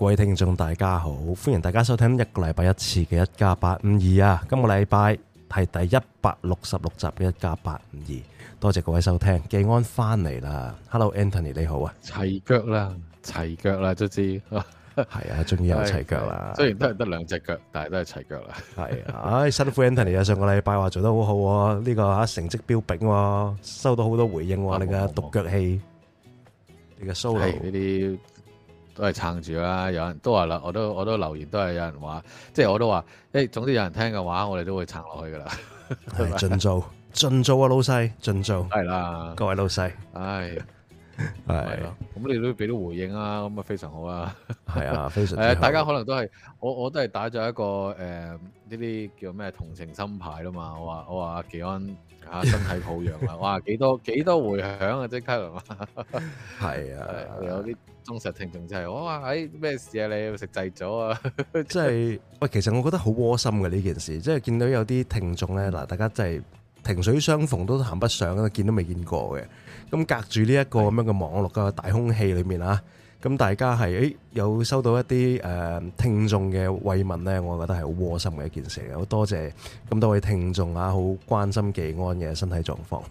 各位聽眾大家好，歡迎大家收聽一個禮拜一次嘅一加八五二啊！今個禮拜係第一百六十六集嘅一加八五二，多謝各位收聽。技安翻嚟啦，Hello Anthony 你好啊，齊腳啦，齊腳啦都知，係 啊，終於有齊腳啦。雖然都係得兩隻腳，但係都係齊腳啦。係、 啊，唉、哎，辛苦 Anthony 啊！上、這個禮拜話做得好好，呢個吓成績彪炳，收到好多回應、啊，你嘅獨腳戲，你嘅 solo 呢啲。都係撐住啦！有人都話啦，我都我都留言，都係有人話，即係我都話誒。總之有人聽嘅話，我哋都會撐落去噶啦，係 盡做盡做啊，老細盡做係、啊、啦，各位老細，唉係咁，你都俾到回應啊，咁啊非常好啊，係啊，非常誒，大家可能都係我我都係打咗一個誒呢啲叫咩同情心牌啦嘛，我話我話阿技安。啊！ 身體抱恙啊！哇！幾多幾多迴響啊！即刻啊！ 啊！有啲忠實聽眾就係我話咩事啊？你又食滯咗啊！即係喂，其實我覺得好窩心嘅呢件事，即係見到有啲聽眾咧嗱，大家真係萍水相逢都談不上，見都未見過嘅，咁隔住呢一個咁樣嘅網絡嘅大空氣裏面啊。咁大家係誒有收到一啲誒聽眾嘅慰問咧，我覺得係好窩心嘅一件事嘅。好多謝咁多位聽眾啊，好關心技安嘅身體狀況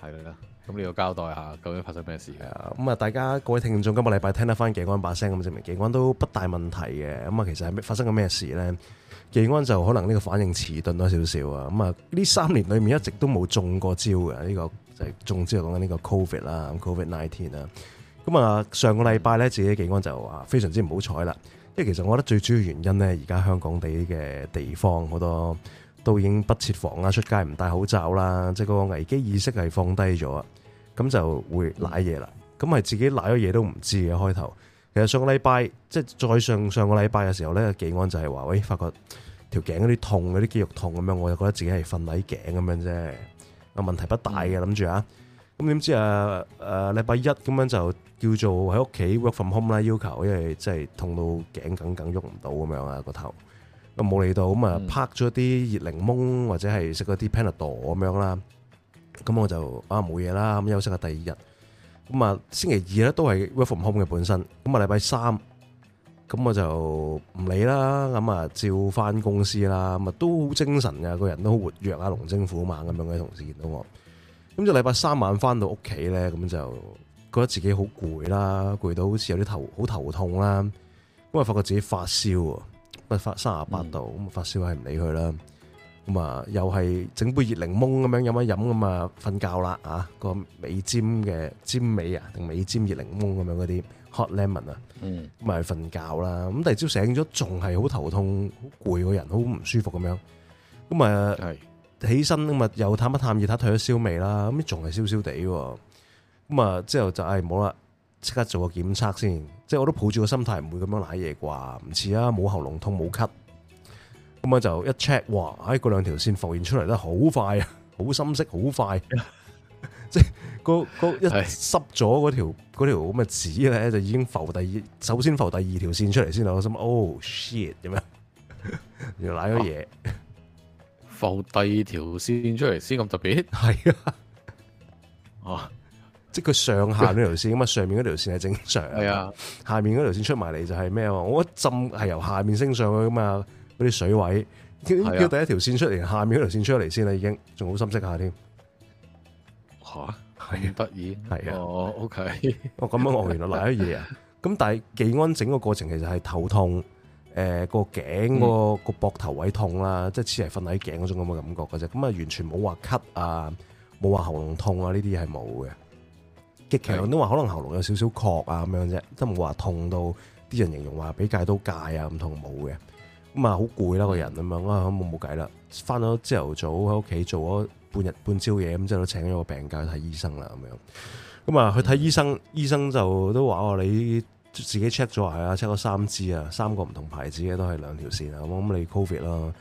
係啦。咁你要交代下，究竟發生咩事啊？咁啊，大家各位聽眾今個禮拜聽得翻技安把聲，咁證明技安都不大問題嘅。咁啊，其實係發生緊咩事咧？技安就可能呢個反應遲鈍多少少啊。咁啊，呢三年裏面一直都冇中過招嘅，呢個就係中招，講緊呢個 covid 啦，covid nineteen 啊。咁啊，上個禮拜咧，自己嘅技安就話非常之唔好彩啦，即係其實我覺得最主要原因咧，而家香港地嘅地方好多都已經不設防啦，出街唔戴口罩啦，即係個危機意識係放低咗，咁就會舐嘢啦。咁、嗯、係自己舐咗嘢都唔知嘅開頭。其實上個禮拜，即係再上上個禮拜嘅時候咧，技安就係話，喂，發覺條頸嗰啲痛，嗰啲肌肉痛咁樣，我就覺得自己係瞓捩頸咁樣啫，問問題不大嘅，諗住啊。咁點知啊？誒，禮拜一咁樣就叫做喺屋企 work from home 啦，要求，因為真係痛到頸梗梗喐唔到咁樣啊，個頭，咁冇理到，咁啊，拍咗啲熱檸檬或者係食咗啲 Panadol 咁樣啦，咁我就啊冇嘢啦，咁休息下第二日，咁啊星期二咧都係 work from home 嘅本身，咁啊禮拜三，咁我就唔理啦，咁啊照返公司啦，咁啊都好精神嘅，個人都好活躍啊，龍精虎猛咁樣嘅同事見到我。咁就禮拜三晚翻到屋企咧，咁就覺得自己得好攰啦，攰到好似有啲頭好頭痛啦，咁啊發覺自己發燒、嗯、啊，咁啊發燒三十八度，咁啊發燒係唔理佢啦，咁啊又係整杯熱檸檬咁樣飲一飲，咁啊瞓覺啦啊，個尾尖嘅尖尾，尾，尾啊，定尾尖熱檸檬咁樣嗰啲 hot lemon 啊、嗯，咁啊瞓覺啦，咁第二朝醒咗仲係好頭痛，好攰個人好唔舒服咁樣，咁啊係。起身咁啊，又探一探熱，睇退咗燒未啦，咁仲係燒燒地喎。咁啊，之後就唉，冇、哎、啦，即刻做個檢測先。即係我都抱住個心態，唔會咁樣舐嘢啩。唔似啊，冇喉嚨痛，冇咳。咁啊，就一 check，哇！唉，嗰兩條線浮現出嚟得好快啊，好深色，好快。 即係一濕咗嗰條嗰條咁嘅紙咧，就已經浮第二，首先浮第二條線出嚟先啊。我心哦 shit，點樣又舐咗嘢？ 浮第二條線出嚟先咁特別，係啊，哦、啊，即係佢上下呢條線，咁 啊上面嗰條線係正常，係啊，下面嗰條線出埋嚟就係咩啊？我一浸係由下面升上去㗎嘛，嗰啲水位，叫、啊、第一條線出嚟，下面嗰條線出嚟先啦，已經仲好深色下添，吓，咁得意，係啊，哦，OK，哦咁啊，哦原來嗱一樣啊，咁、啊啊啊 okay、 但係技安整個過程其實係頭痛。誒、呃個頸、個、個膊頭位痛啦，嗯、即係似係瞓喺頸嗰種咁嘅感覺嘅啫，咁啊完全冇話咳啊，冇話喉嚨痛啊呢啲係冇嘅，極強都話可能喉嚨有少少咳啊咁樣啫，都冇話痛到啲人形容話俾戒刀戒啊咁痛冇嘅，咁啊好攰啦個人咁樣，我冇冇計啦，翻咗朝頭早喺屋企做咗半日半朝嘢，咁之後都請咗個病假去睇醫生啦咁樣，咁啊去睇醫生，醫生，嗯、醫生就都話我你。自己 check 咗係啊，check 咗三支啊，三個唔同牌子嘅都係兩條線我啊。咁你 Covid 啦，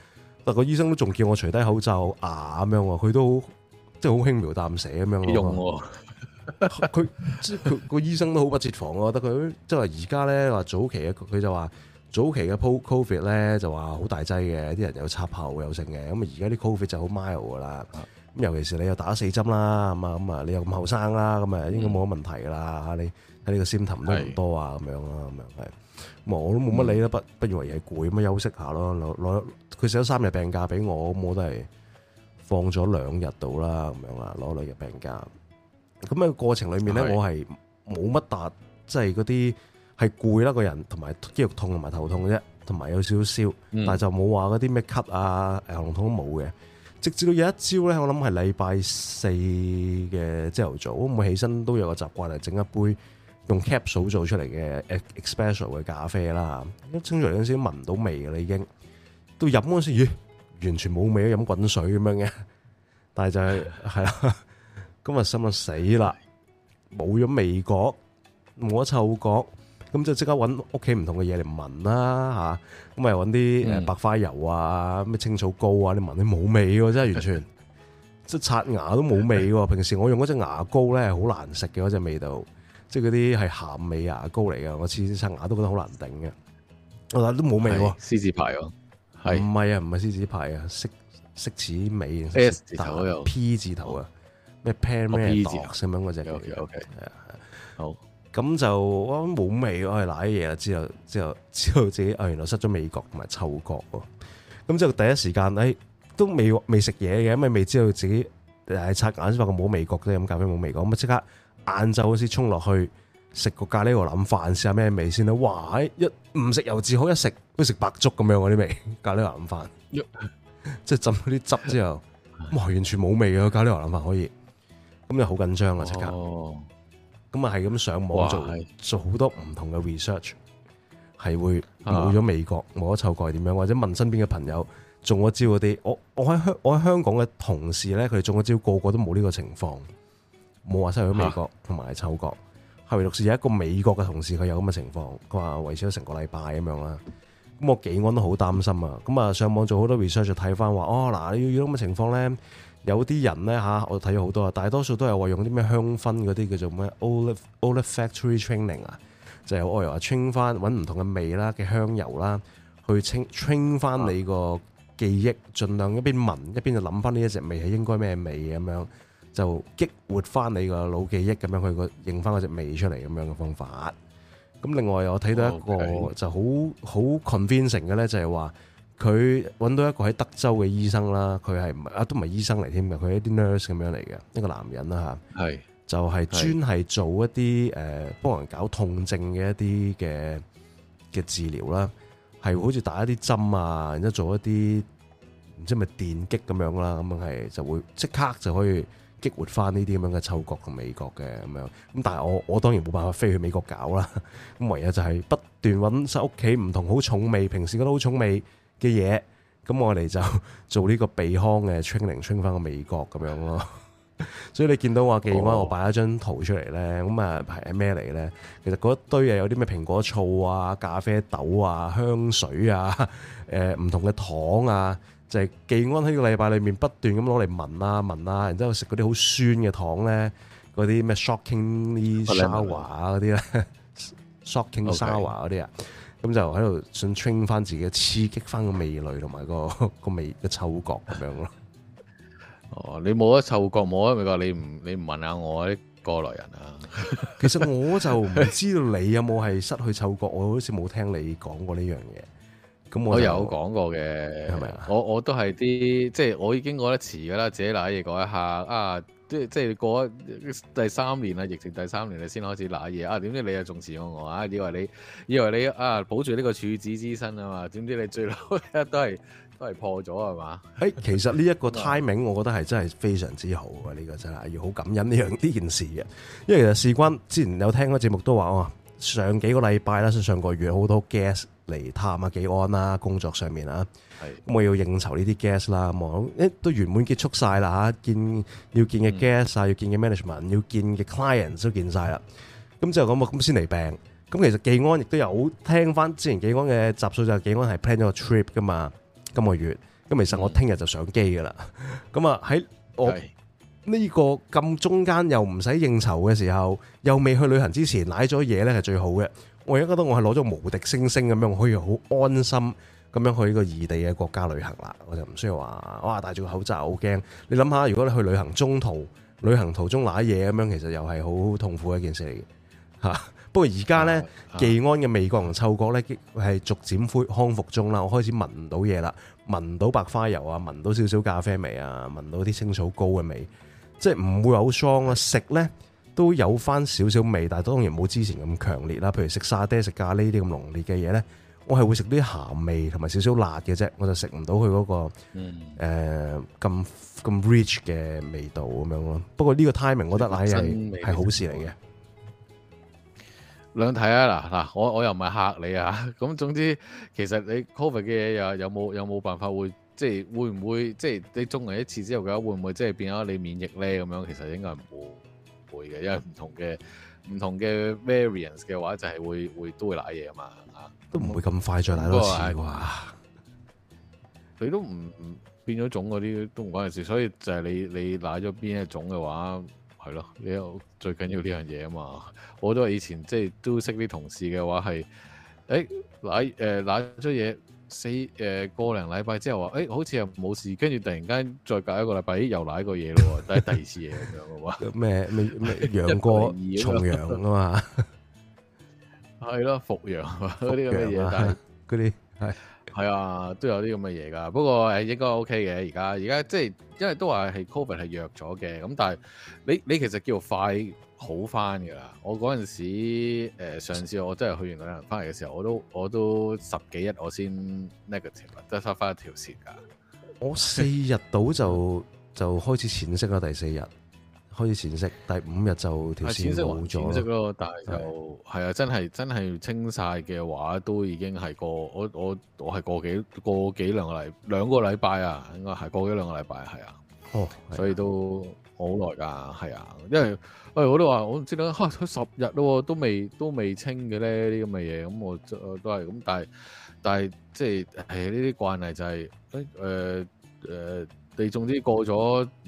但個醫生都仲叫我除低口罩啊咁樣，佢都好即係好輕描淡寫咁樣用喎、哦，佢即係個醫生都好不設防。我覺得佢即係話而家咧話早期嘅佢就話早期嘅 o Covid 咧就話好大劑嘅，啲人有插喉有剩嘅。咁而家啲 Covid 就好 mild 噶啦。咁尤其是你又打咗四針啦，咁啊咁啊你又咁後生啦，咁啊應該冇乜問題噶啦。嗯、你。喺呢個仙潭都唔多啊，咁樣啊，咁樣係，咁我都冇乜理啦、嗯，不不如為嘢攰，咁休息下咯，攞攞佢寫咗三日病假俾我，咁我都係放咗兩日到啦，咁樣啊，攞兩日病假。咁喺個過程裏面咧，我係冇乜達，即係嗰啲係攰啦，個人同埋肌肉痛同埋頭痛啫，同埋有少少、嗯、但係就冇話嗰啲咩咳啊喉嚨痛都冇嘅。直至到有一朝咧，我諗係禮拜四嘅朝頭早，我每起身都有個習慣係整一杯。用 Capsule 做出嚟嘅 especial 嘅咖啡啦，清咗陣時都聞唔到味嘅啦，你已經都飲嗰陣時，咦，完全冇味啊，飲滾水咁樣嘅，但係就係係啦， 今日心啊死啦，冇咗味覺，冇咗臭覺，咁就即刻揾屋企唔同嘅嘢嚟聞啦吓，咁咪揾啲誒白花油啊，咩青草膏啊，你聞啲冇味喎，真係完全，即 係刷牙都冇味喎，平時我用嗰隻牙膏咧，好難食嘅嗰隻味道。即係嗰啲係鹹味牙膏嚟噶，我次次刷牙都覺得好難頂嘅。我、哦、話都冇味喎，獅子牌喎，係唔係啊？唔係獅子牌啊，識識字尾，S 字頭有 P 字頭啊，咩、哦、Pan 咩咁樣嗰隻。O K O K 係啊，好、okay, okay。咁、okay, okay. 嗯、就我冇味，我係瀨嘢啊，之後之後，知道、哦之後哎、知道自己，哎，原來失咗味覺同埋嗅覺喎。咁之後第一時間，哎，都未未食嘢嘅，因為未知道自己誒刷眼，先發覺冇味覺嘅，咁搞起冇味覺，咁啊即刻。晏晝好時衝落去食個咖喱牛腩飯，試下咩味先啦。哇！一唔食又至好，一食都食白粥咁樣嗰啲味。咖喱牛腩飯，即係浸嗰啲汁之後，哇！完全冇味嘅咖喱牛腩飯可以。咁就好緊張啊！即、oh. 刻。咁啊係咁上網做，oh. 做好多唔同嘅 research，係會冇咗味覺，冇咗臭蓋點樣，或者問身邊嘅朋友中咗招嗰啲，我我喺香我喺香港嘅同事咧，佢哋中咗招，個個都冇呢個情況。冇話失去咗美國同埋嗅覺，係咪？同事有一個美國嘅同事，佢有咁嘅情況，佢話維持咗成個禮拜咁樣啦。咁我技安都好擔心啊！咁啊，上網做好多 research 就睇翻話，哦嗱，你、呃、要咁嘅情況咧，有啲人咧吓，我睇咗好多啊。大多數都係話用啲咩香薰嗰啲叫做咩 olfactory training 啊、就是，就係我又話 train 翻搵唔同嘅味啦嘅香油啦，去清清返 train 翻你個記憶、啊，盡量一邊聞一邊就諗翻呢一隻味係應該咩味咁就激活翻你個腦記憶咁樣，佢個認翻嗰隻味出嚟咁樣嘅方法。咁另外我睇到一個就好好 convincing 嘅咧，哦、就係話佢揾到一個喺德州嘅醫生啦，佢係唔啊都唔係醫生嚟添嘅，佢係一啲 nurse 咁樣嚟嘅一個男人啦吓，係就係專係做一啲誒幫人搞痛症嘅一啲嘅嘅治療啦，係好似打一啲針啊，然之後做一啲唔知係咪電擊咁樣啦，咁樣係就會即刻就可以。激活翻呢啲咁樣嘅嗅覺同味覺嘅咁樣，咁但係我我當然冇辦法飛去美國搞啦，咁唯一就係不斷揾曬屋企唔同好重味，平時覺得好重味嘅嘢，咁我哋就做呢個鼻腔嘅 training，train 翻個味覺咁樣咯。所以你見到我幾遠開，我擺咗張圖出嚟咧，咁啊係咩嚟咧？其實嗰一堆又有啲咩蘋果醋啊、咖啡豆啊、香水啊、誒唔同嘅糖啊。就係技安喺個禮拜裏面不斷咁攞嚟聞啊聞啊，然之後食嗰啲好酸嘅糖咧，嗰啲咩 shocking sour 啊嗰啲咧，shocking sour 嗰啲啊，咁就喺度想 train 翻自己刺激翻個味蕾同埋個個味嘅嗅覺咁樣咯。哦，你冇得嗅覺冇啊？你話你唔你唔問下我啲過來人啊？其實我就唔知道你有冇係失去嗅覺，我好似冇聽你講過呢樣嘢。我，我有講過嘅，係咪啊？我我都係啲即係我已經覺得遲㗎啦，自己攋嘢講一下啊！即即係過第三年啦，疫情第三年你先開始攋嘢啊！點知你又仲遲過我，我啊？以為你以為你啊，保住呢個處子之身啊嘛？點知你最後都係都係破咗係嘛？誒，其實呢一個 timing，我覺得係真係非常之好啊！呢、呢個真係要好感恩呢樣呢件事嘅，因為其實事關之前有聽個節目都話上幾個禮拜啦，上個月好多 guest 嚟探下，紀安啦，工作上面啊，係，咁我要應酬呢啲 guest 啦，咁啊，一都完滿結束曬啦嚇，見要見嘅 guest 啊，要見嘅 management，要見嘅 clients 都見曬啦，咁之後咁啊，咁先嚟病，咁其實紀安亦都有聽翻之前紀安嘅集數，就係紀安係 plan 咗個 trip 噶嘛，今個月，咁其實我聽日就上機噶啦，咁啊喺。呢、這個咁中間又唔使應酬嘅時候，又未去旅行之前，瀨咗嘢呢係最好嘅。我而家覺得我係攞咗無敵星星咁樣，我可以好安心咁樣去呢個異地嘅國家旅行啦。我就唔需要話哇戴住個口罩好驚。你諗下，如果你去旅行中途、旅行途中瀨嘢咁樣，其實又係好痛苦嘅一件事嚟嘅 不過而家呢，技、啊啊、安嘅味覺同嗅覺呢係逐漸恢康復中啦。我開始聞到嘢啦，聞到白花油啊，聞到少少咖啡味啊，聞到啲青草膏嘅味。即係唔會好酸啊！食咧都有翻少少味，但係當然冇之前咁強烈啦。譬如食沙爹、食咖喱啲咁濃烈嘅嘢咧，我係會食啲鹹味同埋少少辣嘅啫，我就食唔到佢嗰個誒咁咁 rich 嘅味道咁樣咯。不過呢個 timing，我覺得係係好事嚟嘅。兩睇啊！嗱嗱，我我又唔係嚇你啊！咁總之，其實你 COVID 嘅嘢有有冇有冇辦法會？即係會唔會即係你中完一次之後嘅話，會唔會即係變咗你免疫咧？咁樣其實應該唔會會嘅，因為唔同嘅唔 同嘅 variants 嘅話就，就係會會都會瀨嘢啊嘛嚇，都唔會咁快再瀨多次啩。佢 都唔唔變咗種嗰啲都唔關事，所以就係你你瀨咗邊一種嘅話，係咯，你有最緊要呢樣嘢啊嘛。我都係以前即係都識啲同事嘅話係，誒瀨誒瀨咗嘢。四誒過零禮拜之後話誒、欸、好似又冇事，跟住突然間再隔一個禮拜又瀨個嘢咯，都 係第二次嘢咁樣嘅咩咩咩陽過重陽啊嘛，係咯，復陽嗰啲咁嘅嘢，但係嗰啲係係啊都有啲咁嘅嘢噶，不過誒、欸、應該 OK 嘅，而家而家即係因為都話係 Covid 係弱咗嘅，咁但係你你其實叫做快。好翻噶！我嗰陣時、呃，上次我真係去完旅行翻嚟嘅時候，我都我都十幾日我先 negative，即係收翻一條線噶。我四日到就 就開始淺色啦，第四日開始淺色，第五日就條線，冇咗。淺色咯，但係就係啊，真係真係清晒嘅話，都已經係過我我我係過幾過幾兩個禮兩個禮拜啊，應該係過幾兩個禮拜係啊。哦，所以都。好耐噶，係啊，因為誒、哎、我都話我唔知得開咗十日咯，都未都未清嘅咧，呢啲咁嘅嘢，咁、嗯、我都都係咁，但係但係即係呢啲慣例就係誒誒，你總之過咗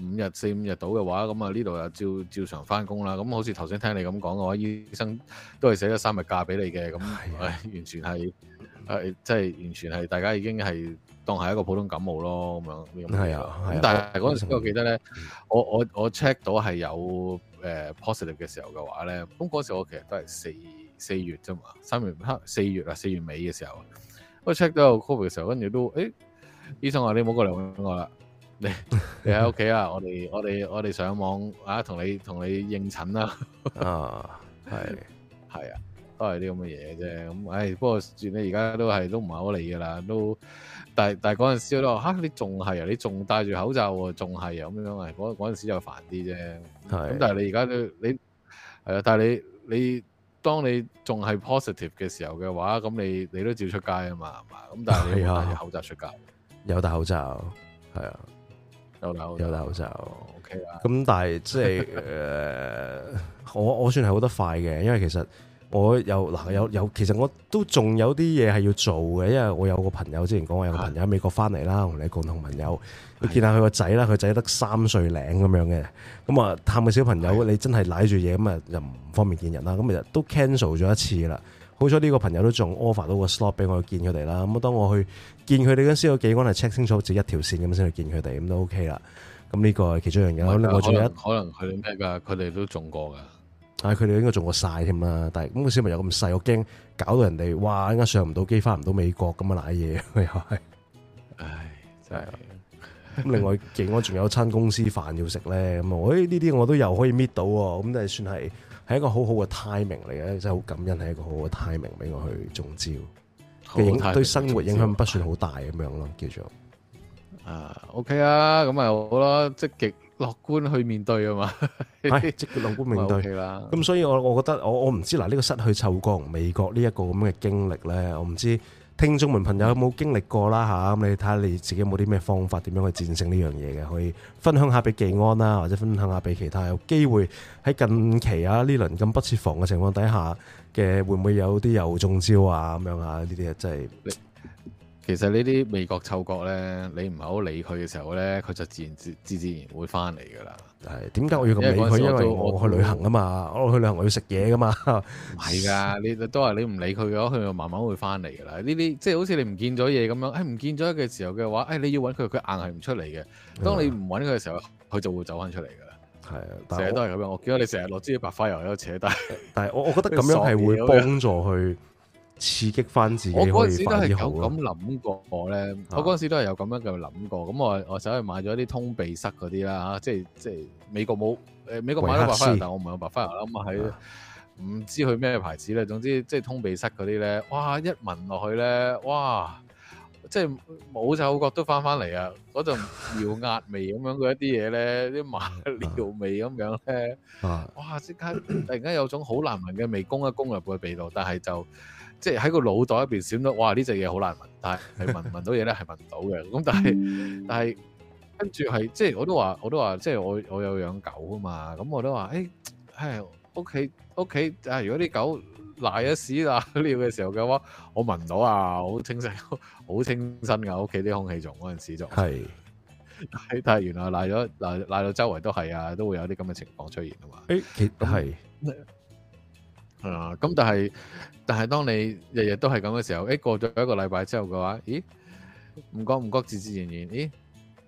五日四五日到嘅話，咁啊呢度又照照常翻工啦。咁好似頭先聽你咁講嘅話，醫生都係寫咗三日假俾你嘅，咁、嗯、係、啊、完全係係、呃、即係完全係大家已經係。當係一個普通感冒咯，咁樣咁、啊啊，但係嗰陣時我記得咧、嗯，我我我 check 到係有誒 positive 嘅時候嘅話咧，咁嗰時我其實都係四四月啫嘛，三月黑四月啊四月尾嘅時候，我 check 到有 COVID 嘅時候，跟住都誒、欸，醫生話你唔好過嚟揾我啦，你你喺屋企啊， 我哋我哋我哋上網啊，同你同你應診啊，係、哦、係啊。都係啲咁嘅嘢啫，咁、哎、唉，不過算你而家都係都唔係好理噶啦，都，都但但嗰陣時都話，吓你仲係啊，你仲戴住口罩，仲係啊咁樣啊，嗰嗰陣時就煩啲啫。咁，但係你而家都，你係啊，但係你你當你仲係 positive 嘅時候嘅話，咁你你都照出街啊嘛，係嘛？咁但係你戴住口罩出街，有戴口罩，係啊，有戴有戴口罩，口罩，口罩，OK 啊。咁但係即係誒、 uh,，我我算係好得快嘅，因為其實。我有嗱有有，其實我都仲有啲嘢係要做嘅，因為我有個朋友之前講，我有個朋友喺美國翻嚟啦，同你共同朋友，你見下佢個仔啦，佢仔得三歲零咁樣嘅，咁啊探個小朋友你真係舐住嘢咁啊又唔方便見人啦，咁其實都 cancel 咗一次啦，好彩呢個朋友都仲 offer 到個 slot 俾我去見佢哋啦，咁當當我去見佢哋嗰時時，幾幾安係 check 清楚自己一條線咁先去見佢哋，咁都 OK 啦。咁、這、呢個係其中一樣嘢。可能佢可能佢哋都中過㗎。哎、他們我 唉，佢哋應該中過晒添啦。但係咁個小朋友咁細，我驚搞到人哋哇，依家上唔到機，翻唔到美國咁啊！賴嘢又係，唉真係。咁另外，技安仲有餐公司飯要食咧。咁、哎、啊，誒呢啲我都又可以搣到喎。咁都係算係係一個好好嘅 timing 嚟嘅，真係好感恩係一個好好嘅 timing 俾我去中招。好的 timing，的。對生活影響不算好大咁樣咯，叫做。啊，OK 啊，咁咪好咯，積極。樂觀去面對啊嘛，係積極樂觀面對啦。咁所以我，我我覺得我我唔知嗱，呢、呢個失去嗅覺美國呢一個咁嘅經歷咧，我唔知聽眾們朋友有冇經歷過啦吓，咁、嗯啊、你睇下你自己有冇啲咩方法點樣去戰勝呢樣嘢嘅，可以分享下俾技安啦、啊，或者分享下俾其他。有機會喺近期啊呢輪咁不設防嘅情況底下嘅，會唔會有啲又中招啊咁樣啊？呢啲啊真係。嗯其實這些美國國呢啲味覺嗅覺咧，你唔係好理佢嘅時候咧，佢就自然自自自然會翻嚟噶啦。係點解我要咁理佢？因為我去旅行啊嘛我，我去旅行我要食嘢噶嘛。係噶，你都話你唔理佢嘅話，佢就慢慢會翻嚟噶啦。呢啲即係好似你唔見咗嘢咁樣，誒、哎、唔見咗嘅時候嘅話，誒、哎、你要揾佢，佢硬係唔出嚟嘅。當你唔揾佢嘅時候，佢就會走翻出嚟噶啦。係啊，成日都係咁樣。我見到你成日落支白花油喺度扯帶。但係我我覺得咁樣係會幫助去。 刺激翻自己，我嗰陣時都係有咁諗過咧、啊。我嗰陣時都係有咁樣嘅諗過。咁我我走去買咗啲通鼻塞嗰啲啦嚇，即係即係美國冇誒，美國買咗白花油、呃，但我唔用白花油啦。咁啊喺唔、啊、知佢咩牌子咧，總之即係通鼻塞嗰啲咧，哇一聞落去咧，哇即係冇嗅覺都翻翻嚟啊！嗰種尿壓味咁樣嗰一啲嘢咧，啲馬尿味咁樣咧，哇！即刻、啊啊啊啊啊、突然間有種好難聞嘅味攻一攻入個鼻道，但係就～即係喺個腦袋入邊閃到，哇！呢隻嘢好難聞，但係聞聞到嘢咧，係 聞唔到嘅。咁但係，但係跟住係，即係我都，我都我我有我、欸、一話，我都話，即係我我有養狗啊嘛。咁我都話，誒，誒，屋企屋企，誒，如果啲狗瀨咗屎、拉尿嘅時候嘅話，我聞到啊，好清新，好清新噶，屋企啲空氣仲嗰陣時仲係。但係原來瀨咗瀨瀨到周圍都係啊，都會有啲咁嘅情況出現啊嘛。誒、欸，係係啊，咁、嗯、但係。但係當你日日都係咁嘅時候，誒過咗一個禮拜之後嘅話，咦？唔覺唔覺，自自然然，咦？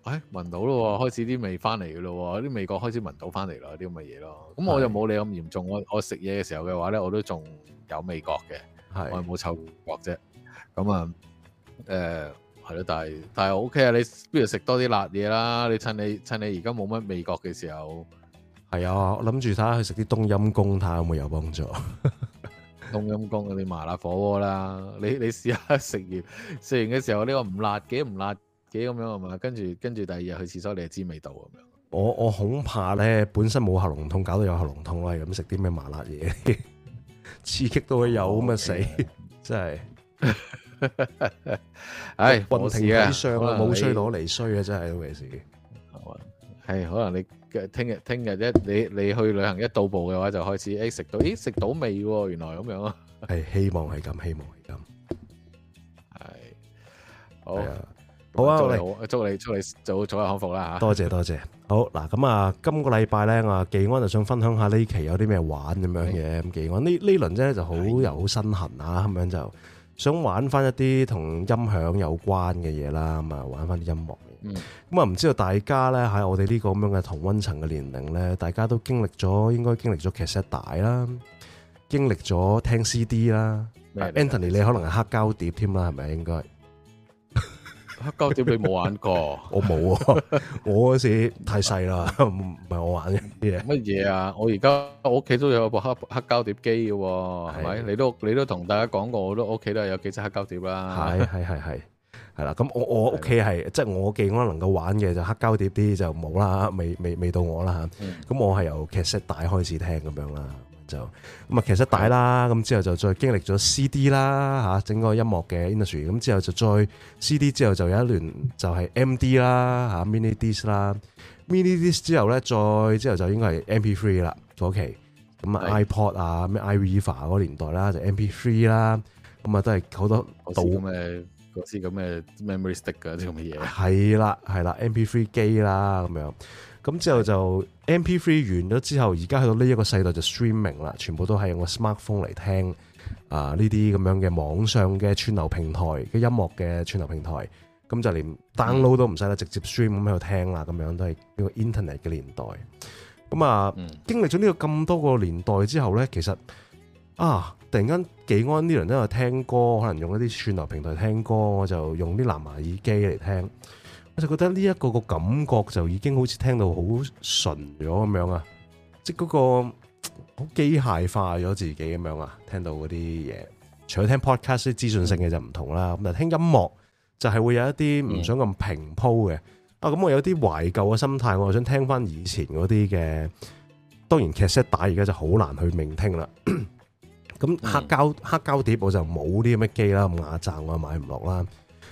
哎，聞到咯，開始啲味翻嚟嘅咯，啲味覺開始聞到翻嚟咯，啲咁嘅嘢咯。咁我就冇你咁嚴重，我我食嘢嘅時候嘅話咧，我都仲有味覺嘅，我係冇臭覺啫。咁啊，誒係咯，但係但係 O K 啊。你不如食多啲辣嘢啦。你趁你趁你而家冇乜味覺嘅時候，係啊，我諗住睇下去食啲冬陰功睇下有冇有幫助？ 冬陰功嗰啲麻辣火鍋啦，你你試下食完食完嘅時候呢個唔辣幾唔辣幾咁樣係嘛，跟住跟住第二日去廁所你就知道味道咁樣。我我恐怕咧本身冇喉嚨痛，搞到有喉嚨痛，啦，係咁食啲咩麻辣嘢， 刺激到佢有咁啊、okay. 死，真係。唉、 哎，雲停天上、哎、啊，冇衰攞嚟衰啊，真係都未事。係可能你嘅聽日聽日一你你去旅行一到步嘅話就開始誒食到誒食到味喎，原來咁樣啊！係希望係咁，希望係咁。係好啊，好啊，我嚟，祝你祝你早早日康復啦吓！多謝多謝。好嗱，咁啊，今個禮拜咧，我啊技安就想分享下呢期有啲咩玩咁樣嘢。咁技安呢呢輪啫就好有好身痕啊，咁樣就想玩翻一啲同音響有關嘅嘢啦。咁啊，玩翻啲音樂。嗯咁啊，唔知道大家咧，喺我哋呢個咁樣嘅同溫層嘅年齡咧，大家都經歷咗，應該經歷咗卡式帶啦，經歷咗聽 CD 啦。Anthony，你可能係黑膠碟添啦，係咪應該？黑膠碟你冇玩過？我冇啊，我嗰時太細啦，唔係我玩嘅。乜嘢啊？我而家我屋企都有部黑黑膠碟機嘅，係咪？你都你都同大家講過，我都屋企都有幾隻黑膠碟啦。係係係係。係啦，咁我我屋企係即係我記我能夠玩嘅就黑膠碟啲就冇啦，未未未到我啦吓。咁我係由 cassette 帶開始聽咁樣啦，就咁啊 cassette 帶啦，咁之後就再經歷咗 CD 啦吓，整個音樂嘅 industry，咁之後就再 CD 之後就有一輪就係 MD 啦吓，mini disc 啦，mini disc 之後咧再之後就應該係 MP3 啦早期，咁啊 iPod 啊咩 iRiver 嗰個年代啦就 MP3 啦，咁啊都係好多老嘅。嗰啲咁嘅 memory stick 嘅啲咁嘅嘢，係啦，係啦，MP3 機啦咁樣，咁之後就 MP3 完咗之後，而家去到呢一個世代就 streaming 啦，全部都係用個 smartphone 嚟聽啊呢啲咁樣嘅網上嘅串流平台嘅音樂嘅串流平台，咁就連 download 都唔使啦，直接 stream 咁喺度聽啦，咁樣都係呢個 internet 嘅年代。咁啊，經歷咗呢個咁多個年代之後咧，其實啊。突然間，技安呢輪都有聽歌，可能用一啲串流平台聽歌，我就用啲藍牙耳機嚟聽，我就覺得呢一個個感覺就已經好似聽到好純咗咁樣啊！即係嗰個好機械化咗自己咁樣啊，聽到嗰啲嘢。除咗聽 podcast 啲資訊性嘅就唔同啦，咁啊聽音樂就係會有一啲唔想咁平鋪嘅。啊，咁、嗯、我有啲懷舊嘅心態，我係想聽翻以前嗰啲嘅。當然劇 set 打而家就好難去聆聽啦。 咁黑膠黑膠碟我就冇啲咁嘅機啦，咁亞讚我又買唔落啦。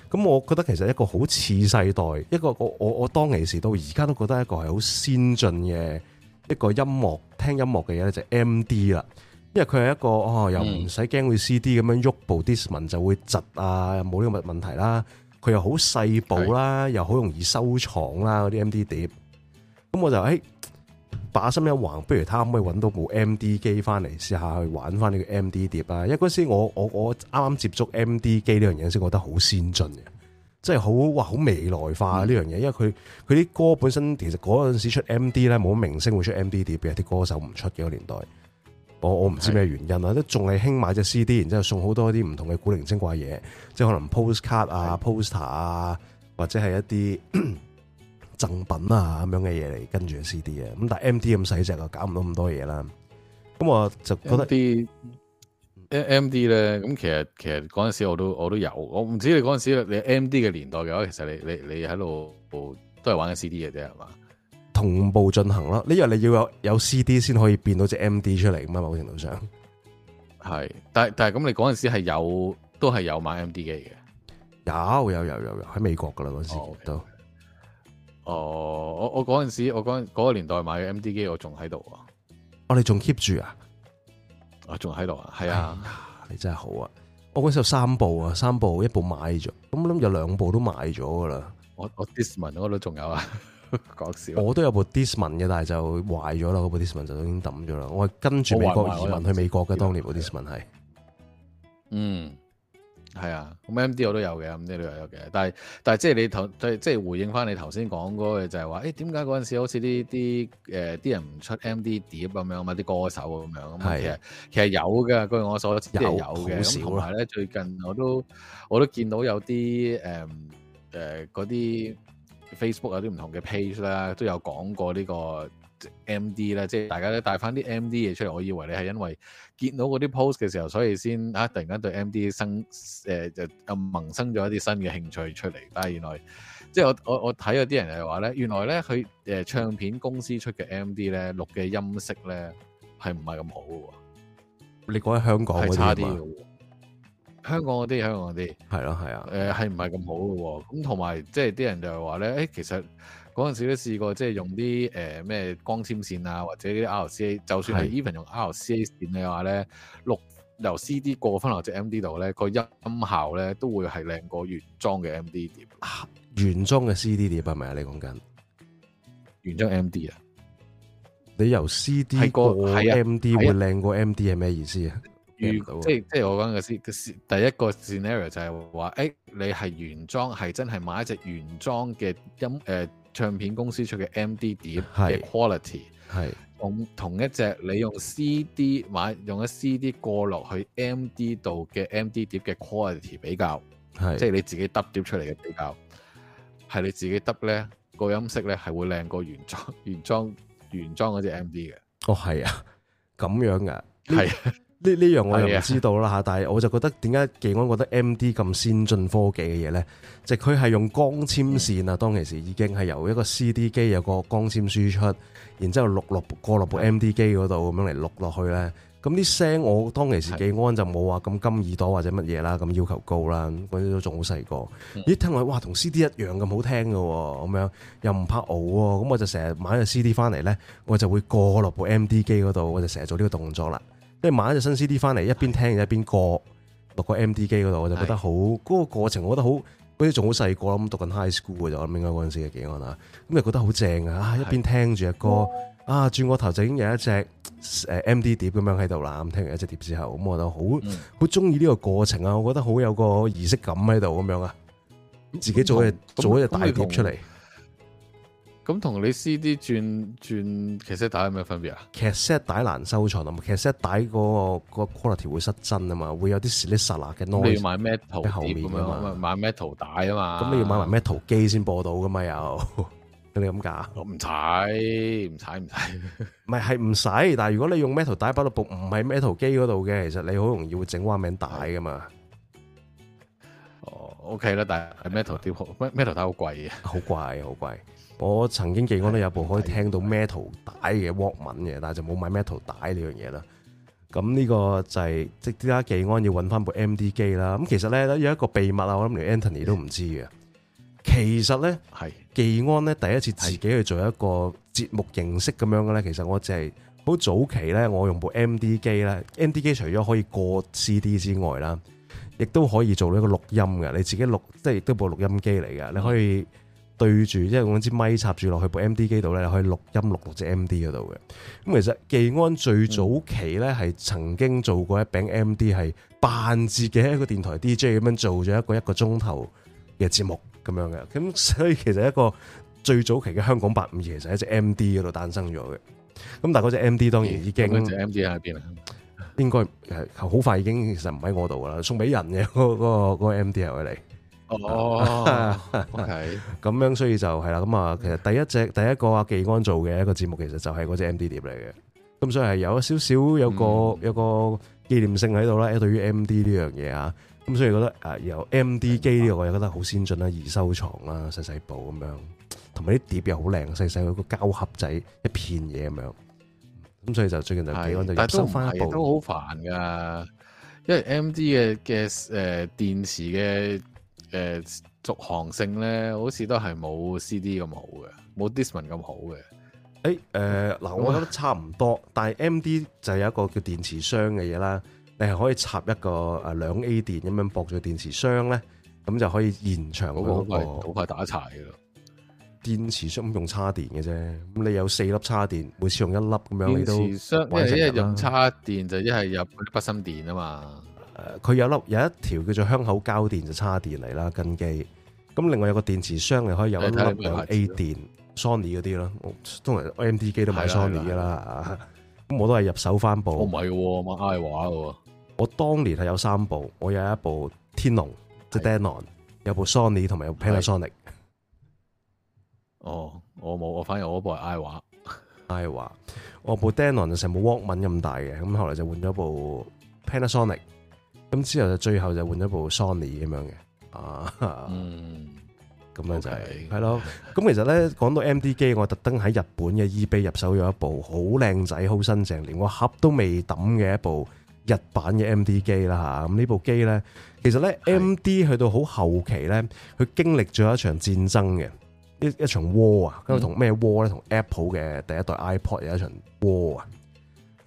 咁我覺得其實一個好似世代，一個我我我當其時到而家都覺得一個係好先進嘅一個音樂聽音樂嘅嘢咧，就係 M D 啦。因為佢係一個哦，又唔使驚會 C D 咁樣喐部啲紋就會窒啊，冇呢個問問題啦。佢又好細部啦，是又好容易收藏啦，嗰啲 M D 碟。咁我就誒。把心一橫，不如睇下可唔可以揾到部 M D 機翻嚟試下去玩翻呢個 M D 碟啊？因為嗰時我我我啱啱接觸 M D 機呢樣嘢，先覺得好先進嘅，即係好哇好未來化呢樣嘢，嗯、因為佢佢啲歌本身其實嗰陣時出 M D 咧冇明星會出 M D 碟，俾啲歌手唔出嘅個年代。我我唔知咩原因啊，都仲係興買隻 C D，然之後送好多啲唔同嘅古靈精怪嘢，即係可能 postcard 啊、poster 啊，或者係一啲贈品啊咁樣嘅嘢嚟，跟住 C D 啊，咁但係 M D 咁細隻啊，搞唔到咁多嘢啦。咁我就覺得啲 M D 咧，咁、嗯、其實其實嗰陣時我都我都有，我唔知你嗰陣時你 M D 嘅年代嘅話，其實你你你喺度都係玩緊 C D 嘅啫係嘛，同步進行咯。呢樣你要有有 C D 先可以變到隻 M D 出嚟啊嘛，某程度上係，但係但係咁你嗰陣時係有都係有買 M D 機嘅，有有有有有喺美國噶啦嗰時都。Oh, okay. 哦、oh，我我嗰陣時，我嗰嗰個年代買嘅 MD 機，我仲喺度。啊。我哋仲 keep 住啊，我仲喺度啊，係啊，你真係好啊。我嗰時有三部啊，三部，一部買咗，咁我諗有兩部都買咗噶啦。我我 Discman 我都仲有啊，講， 笑。我都有部 Discman 嘅，但係就壞咗啦，嗰部 Discman 就已經抌咗啦。我係跟住美國移民去美國嘅當年，部 Discman 係，嗯。係啊，咁 MD 我都有嘅，咁啲都有嘅。但係但係即係你頭即係回應翻你頭先講嗰個就係話，誒點解嗰陣時好似啲啲誒啲人唔出 MD 碟咁樣嘛？啲歌手咁樣咁啊，其實其實有嘅，據我所知有嘅。咁同埋咧，最近我都我都見到有啲誒誒啲 Facebook 有啲唔同嘅 page 啦，都有講過呢個。M.D. 咧，即係大家都帶翻啲 M.D. 嘢出嚟，我以為你係因為見到嗰啲 post 嘅時候，所以先啊，突然間對 M.D. 生誒就萌生咗一啲新嘅興趣出嚟。但係原來即係我我我睇嗰啲人就係話咧，原來咧佢誒唱片公司出嘅 M.D. 咧錄嘅音色咧係唔係咁好嘅。你講喺香港係差啲嘅，香港嗰啲香港嗰啲係咯係啊，誒係唔係咁好嘅。咁同埋即係啲人就係話咧，誒其實。嗰陣時都試過，即係用啲誒咩光纖線啊，或者啲 R C A，就算係 even 用 R C A 線嘅話咧，錄由 C D 過翻落隻 M D 度咧，個音效咧都會係靚過原裝嘅 M D 碟。原裝嘅 C D 碟係咪啊？你講緊原裝 M D 啊？你由 C D 過 M D 會靚過 M D 係咩意思啊？即即係我講嘅先第一個 scenario 就係、是、話，誒、哎、你係原裝，係真係買一隻原裝嘅音誒。呃唱片公司出嘅 M D 碟嘅 quality，係同同一隻你用 C D 買用一 C D 過落去 M D 度嘅 M D 碟嘅 quality 比較，係即係你自己揼碟出嚟嘅比較，係你自己揼咧個音色咧係會靚過原裝原裝原裝嗰隻 M D 嘅。哦，係啊，咁樣嘅，係。 呢呢樣我又唔知道啦吓，但係我就覺得點解技安覺得 M D 咁先進科技嘅嘢咧，就佢、是、係用光纖線啊。當其時已經係由一個 C D 機有個光纖輸出，然之後錄落過落部 M D 機嗰度咁樣嚟錄落去咧。咁啲聲我當其時技安就冇話咁金耳朵或者乜嘢啦，咁要求高啦，嗰啲都仲好細個。咦，聽落去哇，同 C D 一樣咁好聽喎。咁樣又唔怕喎、啊。咁，我就成日買個 C D 翻嚟咧，我就會過落部 M D 機嗰度，我就成日做呢個動作啦。即係買咗一隻新 CD 翻嚟，一邊聽一邊過落個 MD 機嗰度，我就覺得好，嗰個過程我覺得好，嗰時仲好細個啦，咁讀緊 high school 嘅就我諗應該嗰陣時嘅技安啦，咁就覺得好正啊，一邊聽住隻歌，啊轉個頭就已經有一隻誒、呃、MD 碟咁樣喺度啦，咁聽完一隻碟之後，咁我就好好中意呢個過程啊，我覺得好有個儀式感喺度咁樣啊，自己做嘢、嗯嗯嗯、做一隻、嗯嗯、大碟出嚟。咁同你 CD 轉轉劇 set 帶有咩分別啊？劇 set 帶難收藏啊嘛，劇 set 帶嗰個、嗰個 quality 會失真啊嘛，會有啲 slice 啊嘅 noise、嗯。你要買咩 metal 碟咁樣？買 metal 帶啊嘛。咁、嗯嗯、你要買埋 metal 機先播到噶嘛？又你咁價？唔使唔使唔使。唔係係唔使，但係如果你用 metal 帶擺到部唔係 metal 機嗰度嘅，其實你好容易會整壞名帶噶嘛。哦，OK 啦，但係 metal 碟 metal 帶好貴嘅，好貴好貴。我曾經技安都有一部可以聽到 metal 帶嘅 walkman 嘅，但係就冇買 metal 帶呢樣嘢啦。咁呢個就係、是、即係啱啱技安要揾翻部 M D 機啦。咁其實咧有一個秘密啊，我諗連 Anthony 都唔知嘅。其實咧係技安咧第一次自己去做一個節目形式咁樣嘅咧，其實我就係好早期咧，我用部 M D 機咧、嗯、M D 機除咗可以過 C D 之外啦，亦都可以做呢個錄音嘅。你自己錄即係亦都部錄音機嚟嘅，你可以。嗯對住即係嗰支咪插住落去部 M D 機度咧，可以錄音錄落隻 M D 嗰度嘅。咁其實技安最早期咧係曾經做過一柄 M D 係扮自己一個電台 D J 咁樣做咗一個一個鐘頭嘅節目咁樣嘅。咁所以其實一個最早期嘅香港八五二其實喺隻 M D 嗰度誕生咗嘅。咁但係嗰隻 M D 當然已經，嗰隻 M D 喺邊啊？應該誒好快已經其實唔喺我度啦，送俾人嘅嗰嗰個嗰個 M D 係嚟。哦，OK，咁樣所以就係啦，咁啊，其實第一隻第一個啊，技安做嘅一個節目，其實就係嗰隻 M D 碟嚟嘅，咁所以係有少少有個有個紀念性喺度啦，誒，對於 M D 呢樣嘢啊，咁所以覺得啊，由 M D 機呢個我又覺得好先進啦，易收藏啦，細細部咁樣，同埋啲碟又好靚，細細個膠盒仔一片嘢咁樣，咁所以就最近就技安就收翻一部，都好煩㗎，因為 M D 嘅嘅誒電池嘅。誒續航性咧，好似都係冇 CD 咁好嘅，冇 Discman 咁好嘅。誒、欸、誒，嗱、呃，我覺得差唔多，嗯、但係 MD 就有一個叫電池箱嘅嘢啦，你係可以插一個誒兩 A 電咁樣駁住電池箱咧，咁就可以延長嗰好快打柴嘅啦！電池箱用叉電嘅啫，咁你有四粒叉電，每次用一粒咁樣，你都因為因為用叉電就一係入筆芯電啊嘛。誒，佢有粒有一條叫做香口膠電就叉電嚟啦，跟機。咁另外有個電池箱，你可以有一粒兩 A 電 Sony 嗰啲咯。通常 MD 機都買 Sony 噶啦，咁、啊嗯、我都係入手翻部。唔、哦、係，是的我買 I 畫噶。我當年係有三部，我有一部天龍，即係 Denon 有部 Sony 同埋有一 Panasonic。哦，我冇，我反而 我嗰部係 I 畫，I 畫。我部 Denon 就成部 Walkman 咁大嘅，咁後來就換咗部 Panasonic。咁之後就最後就換咗部 Sony 咁樣嘅，啊，嗯，咁樣就係，係咯。咁其實咧，講到 MD 機，我特登喺日本嘅 eBay 入手咗一部好靚仔、好新淨，連個盒都未抌嘅一部日版嘅 MD 機啦吓。咁呢部機咧，其實咧 MD 去到好後期咧，佢經歷咗一場戰爭嘅，一一場 War 啊，咁同咩 War 咧？同 Apple 嘅第一代 iPod 有一場 War 啊。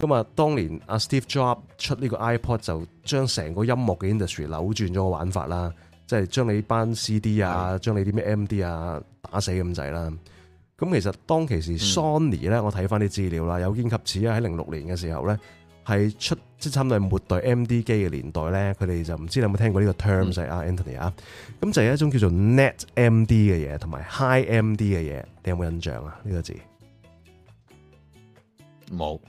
咁啊，當年阿 Steve Jobs 出呢個 iPod 就將成個音樂嘅 industry 扭轉咗個玩法啦，即係將你班 CD 啊，將你啲咩 MD 啊打死咁滯啦。咁其實當其時 Sony 咧，我睇翻啲資料啦，有見及此啊，喺零六年嘅時候咧，係出即係差唔多係末代 MD 機嘅年代咧，佢哋就唔知你有冇聽過呢個 terms 啊，Anthony 啊，咁就係一種叫做 Net MD 嘅嘢，同埋 High MD 嘅嘢，你有冇印象啊？呢個字冇。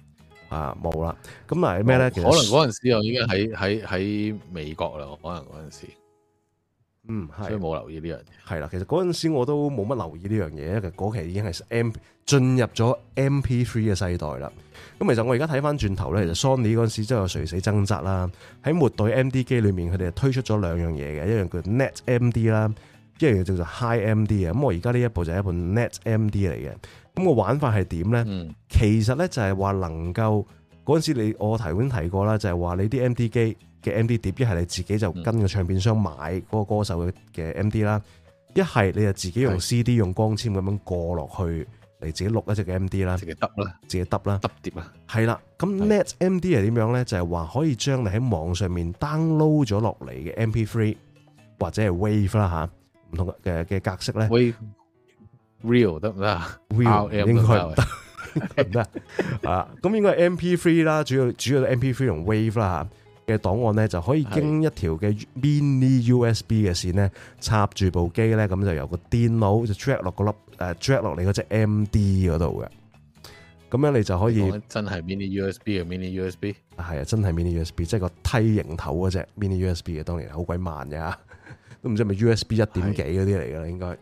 啊冇啦，咁係咩咧？可能嗰陣時我已經喺喺喺美國啦，可能嗰陣時，嗯，所以冇留意呢樣嘢。係啦，其實嗰陣時我都冇乜留意呢樣嘢，其實嗰期已經係 M，進入咗 MP3 嘅世代啦。咁其實我而家睇翻轉頭咧，其實 Sony 嗰陣時真係有垂死掙扎啦。喺末代 MD 機裏面，佢哋推出咗兩樣嘢嘅，一樣叫 Net MD 啦，一樣叫做 High MD 啊。咁我而家呢一部就係一部 Net MD 嚟嘅。咁、那個玩法係點咧？其實咧就係話能夠嗰陣時你我頭先提過啦，就係、是、話你啲 M D 機嘅 M D 碟，一係你自己就跟個唱片商買嗰個歌手嘅嘅 M D 啦，一係你就自己用 C D 用光纖咁樣過落去你自己錄一隻嘅 M D 啦，自己揼啦，自己揼啦，揼碟啊，係啦。咁 Net M D 係點樣咧？就係、是、話可以將你喺網上面 download 咗落嚟嘅 M P three 或者係 Wave 啦吓，唔同嘅嘅格式咧。Real 得唔得 r e a l 應該唔得，唔得啊！咁應該，okay. 得唔得 應該 MP3 啦，主要主要 MP3 同 Wave 啦嘅檔案咧，就可以經一條嘅 mini USB 嘅線咧，插住部機咧，咁就由個電腦就 track 落個粒誒 track 落你嗰隻 MD 嗰度嘅。咁樣你就可以、啊、真係 mini USB 啊 mini USB，係啊，真係 mini USB，即係個梯形頭嗰隻 mini USB 嘅。當年好鬼慢㗎，都唔知係咪 USB 一點幾嗰啲嚟嘅啦，應該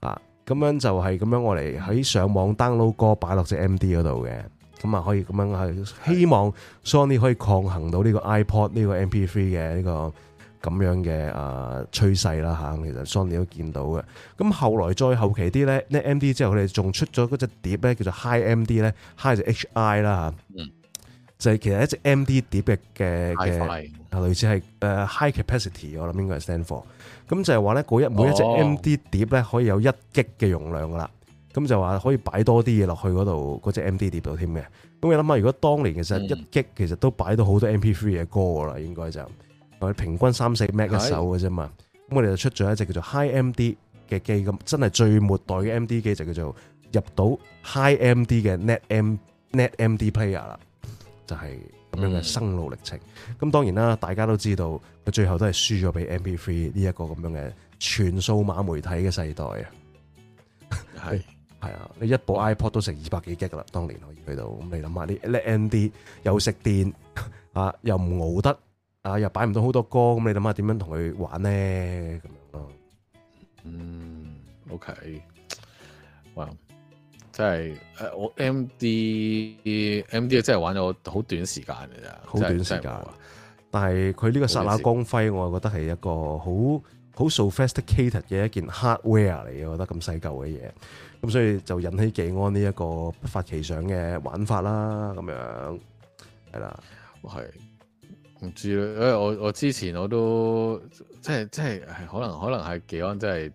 啊。咁樣就係咁樣，樣，我哋喺上網 download 歌擺落隻 MD 嗰度嘅，咁啊可以咁樣係希望 Sony 可以抗衡到呢個 iPod 呢個 MP3 嘅呢、呢個咁樣嘅啊、呃、趨勢啦嚇，其實 Sony 都見到嘅。咁後來再後期啲咧，呢、嗯、MD 之後，佢哋仲出咗嗰隻碟咧，叫做 High MD、嗯、High Hi g h MD 咧，Hi 就 HI 啦就係其實一隻 M.D 碟嘅嘅嘅，類似係誒 High Capacity，我諗應該係 Stand For 咁就係話咧嗰一每一隻 M.D 碟咧可以有一擊嘅容量噶啦，咁就話可以擺多啲嘢落去嗰度嗰隻 M.D 碟度添嘅。咁你諗下，如果當年其實一擊其實都擺到好多 MP3 嘅歌噶啦，應該就或者平均三四 M 一首嘅啫嘛。咁我哋就出咗一隻叫做 High M.D 嘅機咁，真係最末代嘅 M.D 機就叫做入到 High M.D 嘅 Net M Net M.D Player 啦。就係、是、咁樣嘅生路歷程，咁、嗯、當然啦，大家都知道佢最後都係輸咗俾 MP3 呢一個咁樣嘅全數碼媒體嘅世代啊，係係啊，你一部 iPod 都成二百幾 G 噶啦，當年可以去到，咁你諗下啲叻 MD 又食電啊，又唔熬得啊，又擺唔到好多歌，咁你諗下點樣同佢玩呢？咁樣咯，嗯，OK，哇、wow.！即係，誒，我 M D M D 啊，即係玩咗好短時間嘅咋，好短時間。但係佢呢個剎那光輝，我啊覺得係一個好好 sophisticated 嘅一件 hardware 嚟，我覺得咁細舊嘅嘢。咁所以就引起技安呢一個不發奇想嘅玩法啦，咁樣係啦，係唔知，因為我我之前我都即係即係，係可能可能係技安真係。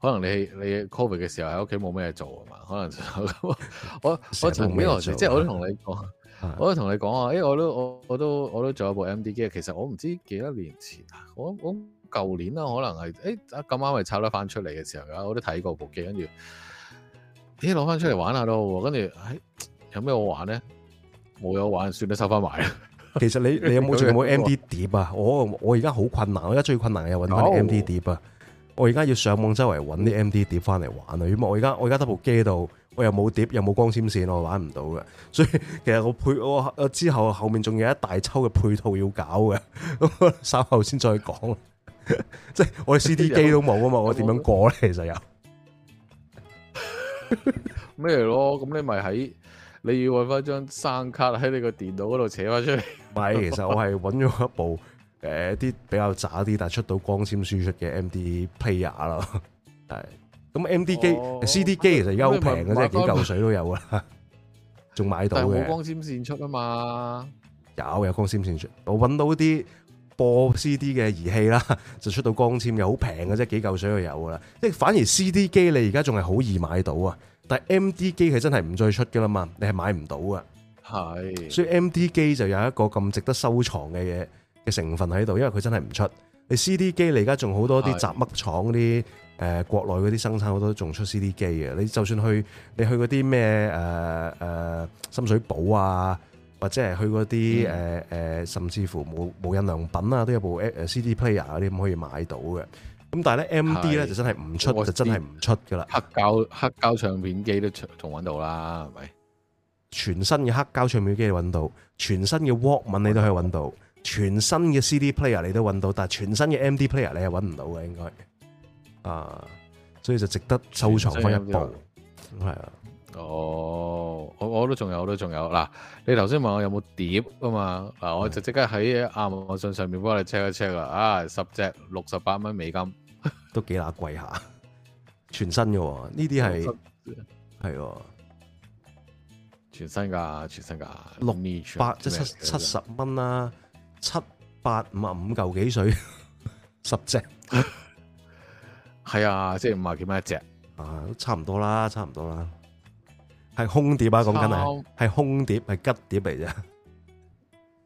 可能你你 covid 嘅時候喺屋企冇咩做啊嘛，可能 我我同邊即係我都同你講，我都同你講啊！誒、欸，我都我我都我都仲有一部 M D 機，其實我唔知幾多年前啊，我我舊年啦，可能係誒咁啱係抽得翻出嚟嘅時候，我都睇過部機，跟住，咦、欸，攞翻出嚟玩下咯，跟住，誒、欸，有咩好玩咧？冇有玩，算啦，收翻埋啦。其實你你有冇最近有冇 M D 碟啊？我我而家好困難，我而家最困難嘅又揾唔到 M D 碟啊。Oh. 我而家要上網周圍揾啲 M D 碟翻嚟玩啊！如果我而家我而家得部機度，我又冇碟，又冇光纖線，我玩唔到嘅。所以其實我配我之後後面仲有一大抽嘅配套要搞嘅，咁稍後先再講。 即係我 C D 機都冇啊嘛，我點樣過咧？其實又咩嚟咯？咁 你咪喺你要揾翻張聲卡喺你個電腦嗰度扯翻出嚟。唔 係，其實我係揾咗一部。誒，啲比較渣啲，但係出到光纖輸出嘅 M D player 咯，係咁 M D 機、C D 機其實而家好平嘅啫，係幾嚿水都有噶啦，仲買到嘅。但係冇光纖線出啊嘛，有有光纖線出，我搵到啲播 C D 嘅儀器啦，就出到光纖嘅，好平嘅啫，幾嚿水就有噶啦。即係反而 C D 機你而家仲係好易買到啊，但係 M D 機係真係唔再出噶啦嘛，你係買唔到噶。係，所以 M D 機就有一個咁值得收藏嘅嘢。嘅成分喺度，因為佢真係唔出。你 CD 機你而家仲好多啲雜乜廠嗰啲誒，國內嗰啲生產好多都仲出 CD 機嘅。你就算去你去嗰啲咩誒誒，深水埗啊，或者係去嗰啲誒誒，甚至乎冇無，無印良品啊，都有一部誒 CD player 嗰啲可以買到嘅。咁但係咧 MD 咧就真係唔出，就真係唔出噶啦。黑膠黑膠唱片機都仲搵到啦，係咪？全新嘅黑膠唱片機你搵到，全新嘅 Walkman 你都可以搵到。全新嘅 CD player 你都揾到，但係全新嘅 MD player 你係揾唔到嘅，應該啊，所以就值得收藏翻一部。係啊，哦、oh，我我都仲有，我都仲有。嗱，你頭先問我有冇碟啊嘛，嗱、嗯，我就即刻喺亞馬遜上面幫你 check 一 check 啦。啊，十隻六十八蚊美金， 都幾乸貴下。全新嘅，呢啲係係全新噶，全新噶，六二八，即七七十蚊啦。七八五啊，五舊幾水？十隻係啊，即係五啊幾蚊一隻啊，都差唔多啦，差唔多啦。係空碟啊，咁梗係係空碟，係吉碟嚟啫。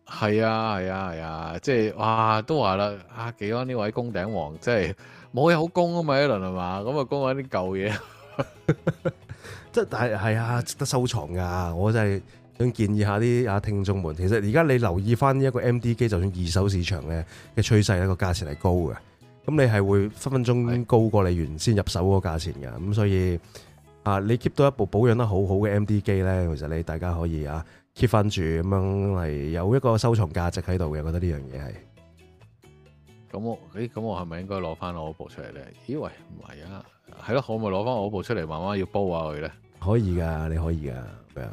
係啊，係啊，係啊，即係哇，都話啦啊，技安呢位工頂王，即係冇嘢好供啊嘛，一輪係嘛，咁啊，供緊啲舊嘢。即係但係係啊，值得收藏噶，我真係。想建議下啲啊聽眾們，其實而家你留意翻一個 MD 機，就算二手市場咧嘅趨勢，一個價錢係高嘅。咁你係會分分鐘高過你原先入手嗰個價錢嘅。咁所以啊，你 keep 到一部保養得好好嘅 MD 機咧，其實你大家可以啊 keep 翻住咁樣係有一個收藏價值喺度嘅。覺得呢樣嘢係。咁我誒咁、欸、我係咪應該攞翻我部出嚟咧？咦喂，唔係啊，係咯，可唔可以攞翻我，我部出嚟慢慢要煲下佢咧？可以噶，你可以噶。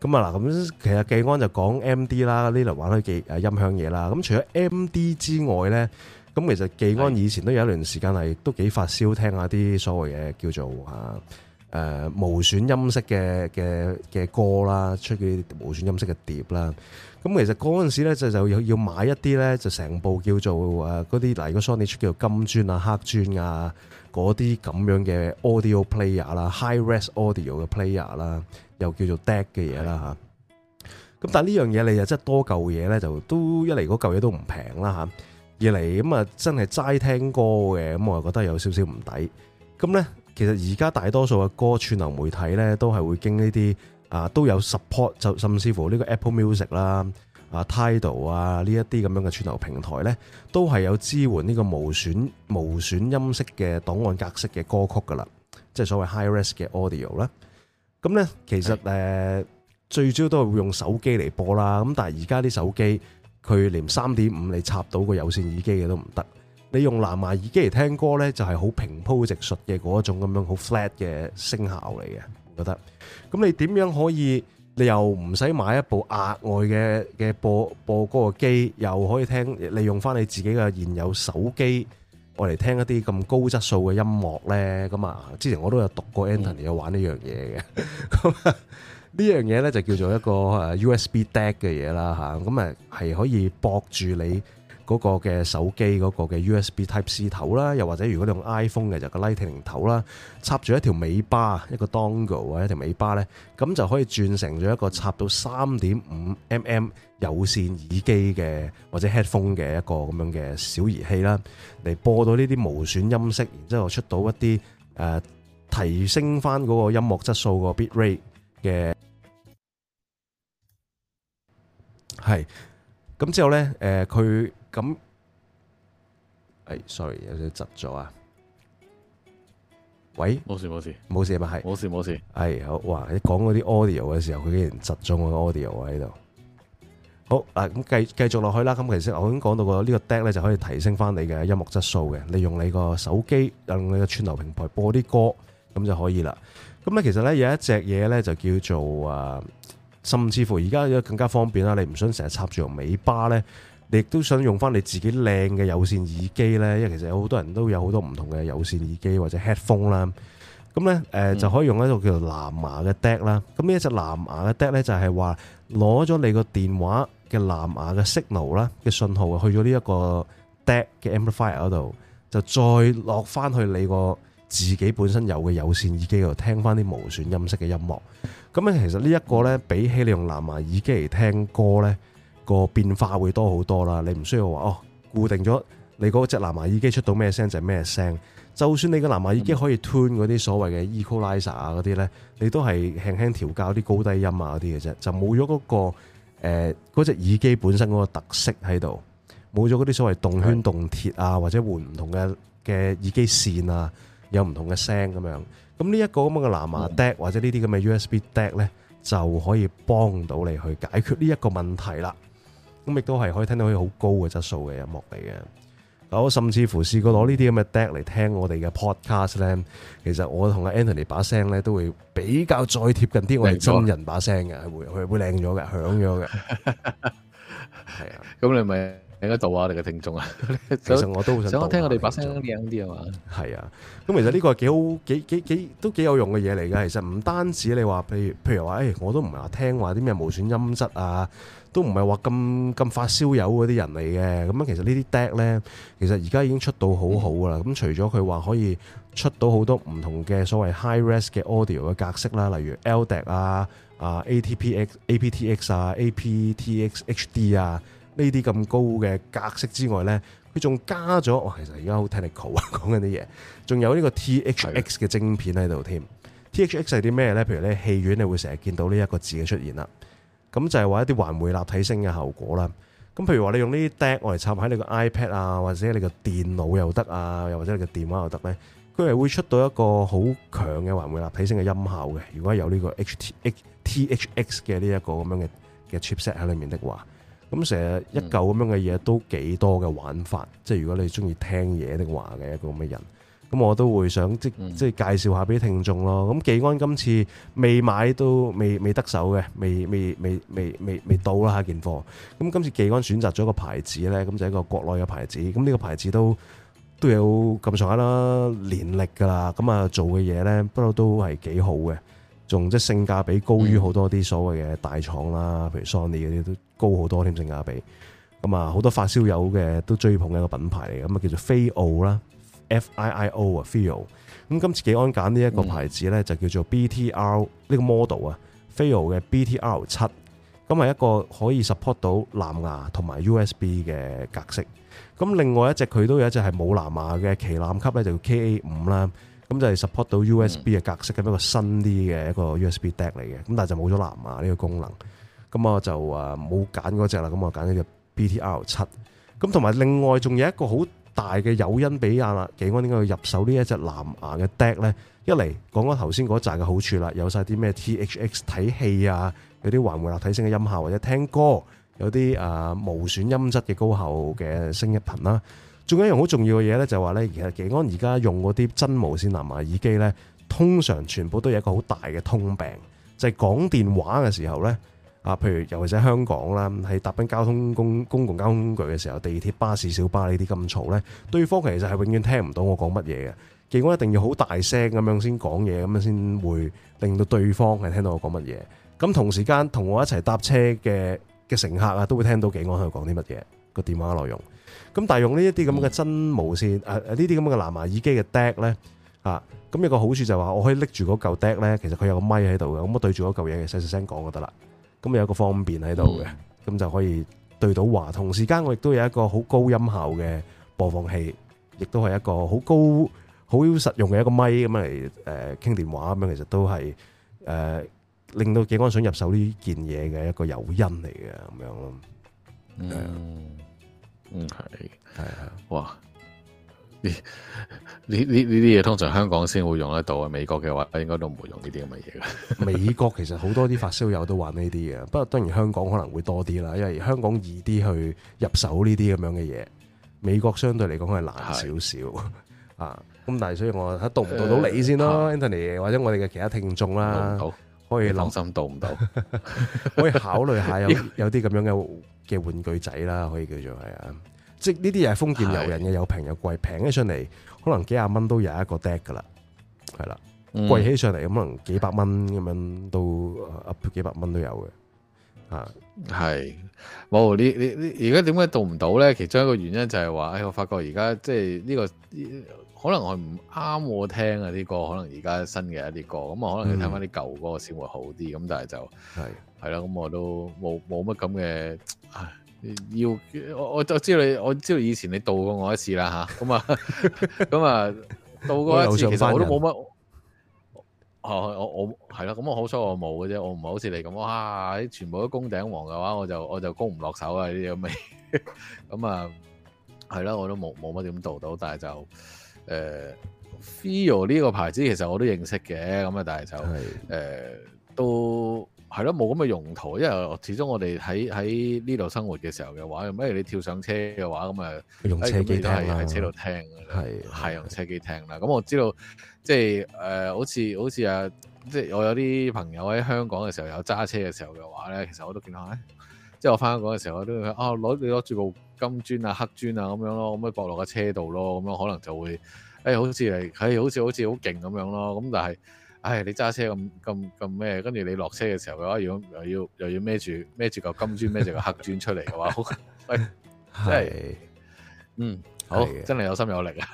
咁啊嗱，咁其實技安就講 MD 啦，呢輪玩開音響嘢啦。咁除咗 MD 之外咧，咁其實技安以前都有一段時間係都幾發燒聽下啲所謂嘅叫做啊。誒無損音色嘅嘅嘅歌啦，出啲無損音色嘅碟啦。咁其實嗰陣時咧，就就要要買一啲咧，就成部叫做誒嗰啲，例如個 Sony 出叫做金磚啊、黑磚啊，嗰啲咁樣嘅 Audio Player 啦、High Res Audio 嘅 Player 啦，又叫做 DAC 嘅嘢啦嚇。咁但係呢樣嘢你又真係多嚿嘢咧，就都一嚟嗰嚿嘢都唔平啦嚇，二嚟咁啊真係齋聽歌嘅，咁我就覺得有少少唔抵。咁咧。其實而家大多數嘅歌串流媒體咧，都係會經呢啲啊，都有 support 就甚至乎呢個 Apple Music 啦、啊 Tidal 啊呢一啲咁樣嘅串流平台咧，都係有支援呢個無損無損音色嘅檔案格式嘅歌曲噶啦，即係所謂 high res 嘅 audio 啦。咁咧，其實誒、呃、最主要都係會用手機嚟播啦。咁但係而家啲手機佢連三點五你插到個有線耳機嘅都唔得。你用藍牙耳機嚟聽歌咧，就係好平鋪直述嘅嗰一種咁樣好 flat 嘅聲效嚟嘅，我覺得。咁你點樣可以？你又唔使買一部額外嘅嘅播播歌嘅機，又可以聽利用翻你自己嘅現有手機，我嚟聽一啲咁高質素嘅音樂咧。咁啊，之前我都有讀過 Antony 有玩呢樣嘢嘅。咁呢樣嘢咧就叫做一個 USB DAC 嘅嘢啦，吓。咁啊係可以駁住你。嗰個嘅手機嗰個嘅 USB Type C 頭啦，又或者如果你用 iPhone 嘅就個 Lightning 頭啦，插住一條尾巴，一個 Dongle 啊，一條尾巴咧，咁就可以轉成咗一個插到三點五 mm 有線耳機嘅或者 headphone 嘅一個咁樣嘅小儀器啦，嚟播到呢啲無損音色，然之後出到一啲誒提升翻嗰個音樂質素個 bit rate 嘅，係咁之後咧誒佢。咁，係、哎、sorry，有啲窒咗啊！喂，冇事冇事，冇事啊嘛，係，冇事冇事，係、哎、好，哇！你講嗰啲 audio 嘅時候，佢竟然窒中個 audio 喺度。好，啊，咁繼繼續落去啦。咁其實我已經講到個呢、這個 DAC 咧，就可以提升翻你嘅音樂質素嘅。你用你個手機，用你個串流平台播啲歌，咁就可以啦。咁咧，其實咧有一隻嘢咧就叫做啊，甚至乎而家更加方便啦。你唔想成日插住用尾巴咧？你亦都想用翻你自己靚嘅有線耳機咧？因為其實有好多人都有好多唔同嘅有線耳機或者 headphone 啦。咁咧，誒就可以用一個叫做藍牙嘅 DAC 啦。咁呢一隻藍牙嘅 DAC 咧，就係話攞咗你個電話嘅藍牙嘅 signal，啦嘅信號去咗呢一個 DAC 嘅 amplifier 嗰度，就再落翻去你個自己本身有嘅有線耳機度，聽翻啲無損音色嘅音樂。咁咧其實呢一個咧，比起你用藍牙耳機嚟聽歌咧。個變化會多好多啦！你唔需要話哦，固定咗你嗰隻藍牙耳機出到咩聲就係、是、咩聲。就算你個藍牙耳機可以 tune 嗰啲所謂嘅 equalizer 啊嗰啲呢，你都係輕輕調校啲高低音啊嗰啲嘅啫，就冇咗嗰個嗰隻、呃、耳機本身嗰個特色喺度，冇咗嗰啲所謂動圈動鐵啊或者換唔同嘅嘅耳機線啊有唔同嘅聲咁樣。咁呢一個咁樣嘅藍牙 DAC 或者呢啲咁嘅 USB DAC 呢，就可以幫到你去解決呢一個問題啦。咁亦都係可以聽到佢好高嘅質素嘅音樂嚟嘅。我甚至乎試過攞呢啲咁嘅 DAC 嚟聽我哋嘅 podcast 咧，其實我同阿 Anthony 把聲咧都會比較再貼近啲我哋真人把聲嘅，會佢會靚咗嘅，響咗嘅。係啊，咁你咪喺度啊，我哋嘅聽眾啊，其實我都好想聽我哋把聲靚啲啊嘛。係啊，咁其實呢個係幾好幾幾幾都幾有用嘅嘢嚟噶。其實唔單止你話，譬如譬如話，誒，我都唔係話聽話啲咩無損音質啊。都唔係話咁咁發燒友嗰啲人嚟嘅，咁其實呢啲 DAC 咧，其實而家已經出到好好啦。咁除咗佢話可以出到好多唔同嘅所謂 high res 嘅 audio 嘅格式啦，例如 LDAC 啊、啊 ATPX、APTX 啊、APTX HD 啊呢啲咁高嘅格式之外咧，佢仲加咗、哦、其實而家好 technical 啊，講緊啲嘢，仲有呢個 THX 嘅晶片喺度添。THX 係啲咩咧？譬如咧，戲院你會成日見到呢一個字嘅出現啦。咁就係話一啲環迴立體聲嘅效果啦。咁譬如話你用呢啲 DAC 嚟插喺你個 iPad 啊，或者你個電腦又得啊，又或者你個電話又得咧，佢係會出到一個好強嘅環迴立體聲嘅音效嘅。如果有呢個 THX 嘅呢一個咁樣嘅嘅 chipset 喺裏面的話，咁成日一嚿咁樣嘅嘢都幾多嘅玩法。即係如果你中意聽嘢的話嘅一個咁嘅人。咁我都會想即即介紹下俾聽眾咯。咁技安今次未買都未未得手嘅，未未未未未未到啦一件貨。咁今次技安選擇咗個牌子咧，咁就係一個國內嘅牌子。咁呢個牌子都都有咁上下啦年歷㗎啦。咁啊做嘅嘢咧，不嬲都係幾好嘅，仲即性價比高於好多啲所謂嘅大廠啦，譬如 Sony 嗰啲都高好多添，性價比。咁啊好多發燒友嘅都追捧一個品牌嚟嘅，咁啊叫做飛傲啦。FiiO 啊，Feel，咁今次技安揀呢一個牌子咧，就叫做 BTR 呢個 model 啊，Feel 嘅 BTR 七，咁係一個可以 support 到藍牙同埋 USB 嘅格式。咁另外一隻佢都有一隻係冇藍牙嘅旗艦級咧，就叫 K A 五啦，咁就 support 到 USB 嘅格式嘅一個新啲嘅一個 USB DAC 嚟嘅，咁但係就冇咗藍牙呢個功能。咁我就啊冇揀嗰隻啦，咁我揀呢隻 BTR 七。咁同埋另外仲有一個好。大嘅誘因比亞啦，技安點解要入手呢一隻藍牙嘅 DAC 呢？一嚟講講頭先嗰一嘅好處啦，有晒啲咩 THX 睇戲啊，有啲環迴立體聲嘅音效或者聽歌，有啲啊、呃、無損音質嘅高效嘅聲音頻啦。仲有一樣好重要嘅嘢呢，就係話呢，其實技安而家用嗰啲真無線藍牙耳機呢，通常全部都有一個好大嘅通病，就係、是、講電話嘅時候呢。啊，譬如尤其是喺香港啦，喺搭緊交通工具、公共交通工具嘅時候，地鐵、巴士、小巴呢啲咁嘈咧，對方其實係永遠聽唔到我講乜嘢嘅。警方一定要好大聲咁樣先講嘢，咁樣先會令到對方係聽到我講乜嘢。咁同時間同我一齊搭車嘅嘅乘客啊，都會聽到警方喺度講啲乜嘢個電話內容。咁但係用呢一啲咁嘅真無線啊啊呢啲咁嘅藍牙耳機嘅 DAC 咧啊，咁有個好處就係話我可以拎住嗰嚿 DAC 咧，其實佢有個咪喺度嘅，咁我對住嗰嚿嘢細細聲講就得啦。咁有一個方便喺度嘅，咁就可以對到話。同時間我亦都有一個好高音效嘅播放器，亦都係一個好高好實用嘅一個咪咁嚟誒傾電話咁樣。其實都係誒令到技安想入手呢件嘢嘅一個誘因嚟嘅咁樣咯。嗯，嗯係係啊，哇！呢呢呢啲嘢通常香港先會用得到啊，美國嘅話應該都唔會用呢啲咁嘅嘢嘅。美國其實好多啲發燒友都玩呢啲嘢，不 過當然香港可能會多啲啦，因為香港易啲去入手呢啲咁樣嘅嘢。美國相對嚟講係難少少啊，咁 但係，所以我睇到唔到到你先咯，呃，Anthony，或者我哋嘅其他聽眾啦，可以留心到唔到，可以，到到 可以考慮下有有啲咁樣嘅嘅玩具仔啦，可以叫做係啊。即係呢啲嘢係封建游人嘅，有平有貴，平起上嚟可能幾廿蚊都有一個 deck 噶啦，係啦，貴起上嚟可能幾百蚊咁樣都 up 幾百蚊都有嘅，啊係，冇你你你而家點解做唔到咧？其中一個原因就係話，誒我發覺而家即係呢個可能我唔啱我聽啊啲歌，可能而家新嘅一啲歌，咁我可能要睇翻啲舊歌先會好啲，咁但係就係係啦，咁我都冇冇乜咁嘅。唉。要我我我知道你我知道以前你到過我一次啦吓，咁啊咁啊到過一次，其實我都冇乜。哦，我我係啦，咁我好彩我冇嘅啫，我唔係好似你咁，哇，全部都攻頂王嘅話，我就我就攻唔落手 啊呢種味。咁啊係啦，我都冇冇乜點到到，但係就誒、呃、，FiiO 呢個牌子其實我都認識嘅，咁啊，但係就誒、呃、都。係咯，冇咁嘅用途，因為始終我哋喺喺呢度生活嘅時候嘅話，咪你跳上車嘅話，咁誒，用車機車聽啊，喺車度聽，係係用車機聽啦。咁、嗯、我知道，即係、呃、好似好似啊，即係我有啲朋友喺香港嘅時候有揸車嘅時候嘅話咧，其實我都見到，即係我翻香港嘅時候我都會啊攞攞住部金磚啊黑磚啊咁樣咯，咁咪駁落個車度咯，咁樣可能就會誒好似係，好似、欸、好似好勁咁樣咯，咁但係。唉，你揸車咁咁咁咩？跟住你落車嘅時候，又話要又要又要孭住孭住嚿金磚，孭住嚿黑磚出嚟嘅話，好，真係，嗯，好，真係有心有力啊。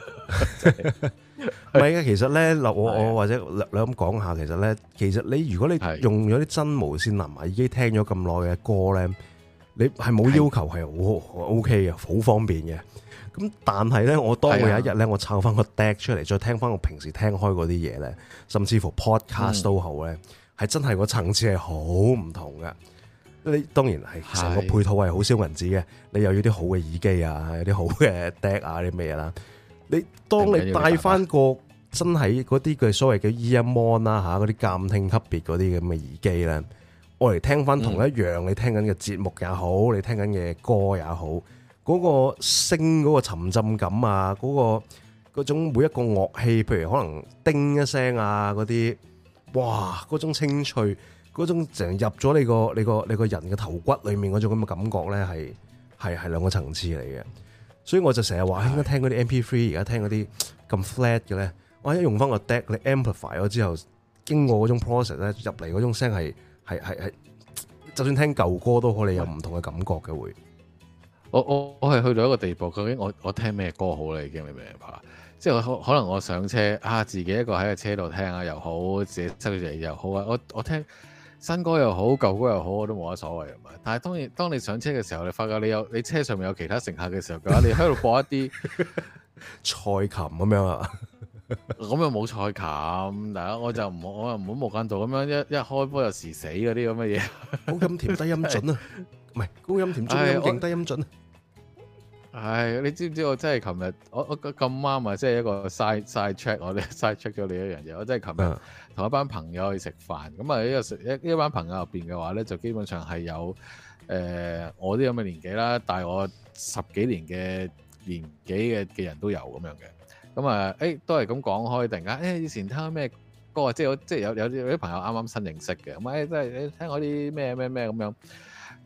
唔係啊，其實咧，我我或者你咁講下，其實咧，其實你如果你用咗啲真無線藍牙耳機聽咗咁耐嘅歌咧，你係冇要求係，好 O K 嘅，好方便嘅。咁但係咧，我當我有一日咧，啊，我摷翻個 DAC 出嚟，再聽翻我平時聽開嗰啲嘢咧，甚至乎 podcast 都好咧，係、嗯、真係個層次係好唔同㗎。你當然係成個配套係好少銀紙嘅，你又要啲好嘅耳機啊，有啲好嘅 DAC 啊，啲咩嘢啦。你當你帶翻個真係嗰啲佢所謂嘅 earphone 啦嚇，嗰啲監聽級別嗰啲咁嘅耳機咧，我嚟聽翻同一樣，嗯、你聽緊嘅節目也好，你聽緊嘅歌也好。嗰個聲，嗰個沉浸感啊，嗰個嗰種每一個樂器，譬如可能叮一聲啊，嗰啲，哇，嗰種清脆，嗰種成入咗你個你個你個人嘅頭骨裏面嗰種咁嘅感覺咧，係係係兩個層次嚟嘅。所以我就成日話，聽嗰啲 MP3，而家聽嗰啲咁 flat 嘅咧，我一用翻個 DAC，你 amplify 咗之後，經過嗰種 process 咧，入嚟嗰種聲係係係係，就算聽舊歌都可能有唔同嘅感覺嘅會。我我我係去到一個地步，究竟我我聽咩歌好咧？你已經你明唔明白？即係可能我上車啊，自己一個喺個車度聽啊又好，自己收住嘢又好啊。我我聽新歌又好，舊歌又好，我都冇乜所謂啊嘛。但係當然，當你上車嘅時候，你發覺你有你車上面有其他乘客嘅時候，你喺度播一啲蔡 琴咁一樣啊，咁又冇蔡琴嗱，我就唔我又唔好無間道咁樣一一開波有時死嗰啲咁嘅嘢，高音甜低音準啊，唔係高音甜中音低音準、啊唉，你知唔知我真係琴日，我我咁啱啊，即係一個 side check，我哋，side check 咗你一樣嘢。我真係琴日同一班朋友去食飯，咁、嗯、啊，呢、這個食一班朋友入邊嘅話咧，就基本上係有誒、呃、我啲咁嘅年紀啦，大我十幾年嘅年紀嘅嘅人都有咁樣嘅。咁啊，誒、哎、都係咁講開，突然間、哎、以前聽咩歌啊，即係我即係有有啲有啲朋友啱啱新認識嘅，咁啊即係你聽我啲咩咩咩咁樣。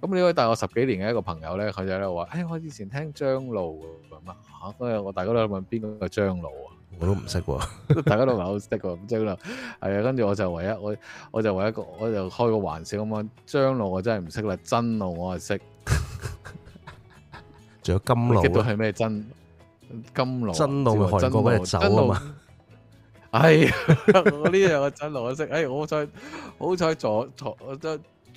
咁呢位大我十幾年嘅一個朋友咧，佢就喺度話，誒、哎，我以前聽張露咁啊吓，我大家都喺問邊個嘅張露啊？我都唔識喎， 大家都唔係好識喎，即係咁啊，係、嗯、啊。跟住我就唯一，我我就唯一,一個，我就開個玩笑咁樣。張露我真係唔識啦，真露我係識，仲 有金路啊！係咩真金路？真露係韓國咩酒啊？嘛、 哎，哎呀，我呢樣我真露我識，哎，我再好彩，坐坐我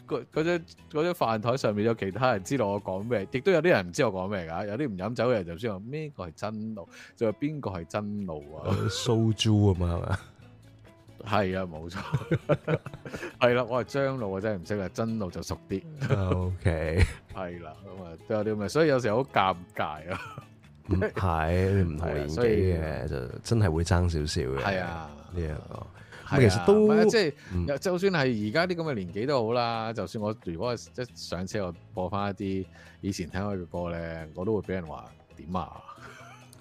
嗰嗰張嗰張飯台上面有其他人知道我講咩，亦都有啲人唔知我講咩㗎。有啲唔飲酒嘅人就先話咩個係真露，仲有邊個係真露啊？蘇朱啊嘛係嘛？係啊，冇錯。係啦，我係張露，我真係唔識啦。真露就熟啲。O K。係啦，咁啊都有啲咁嘅，所以有時候好尷尬啊。唔係唔同年紀嘅就真係會爭少少嘅。係啊，呢一個。其實，都即係是，就算係而家啲咁嘅年紀都好啦。嗯、就算我如果一上車，我播翻一啲以前聽開嘅歌咧，我都會俾人話點啊。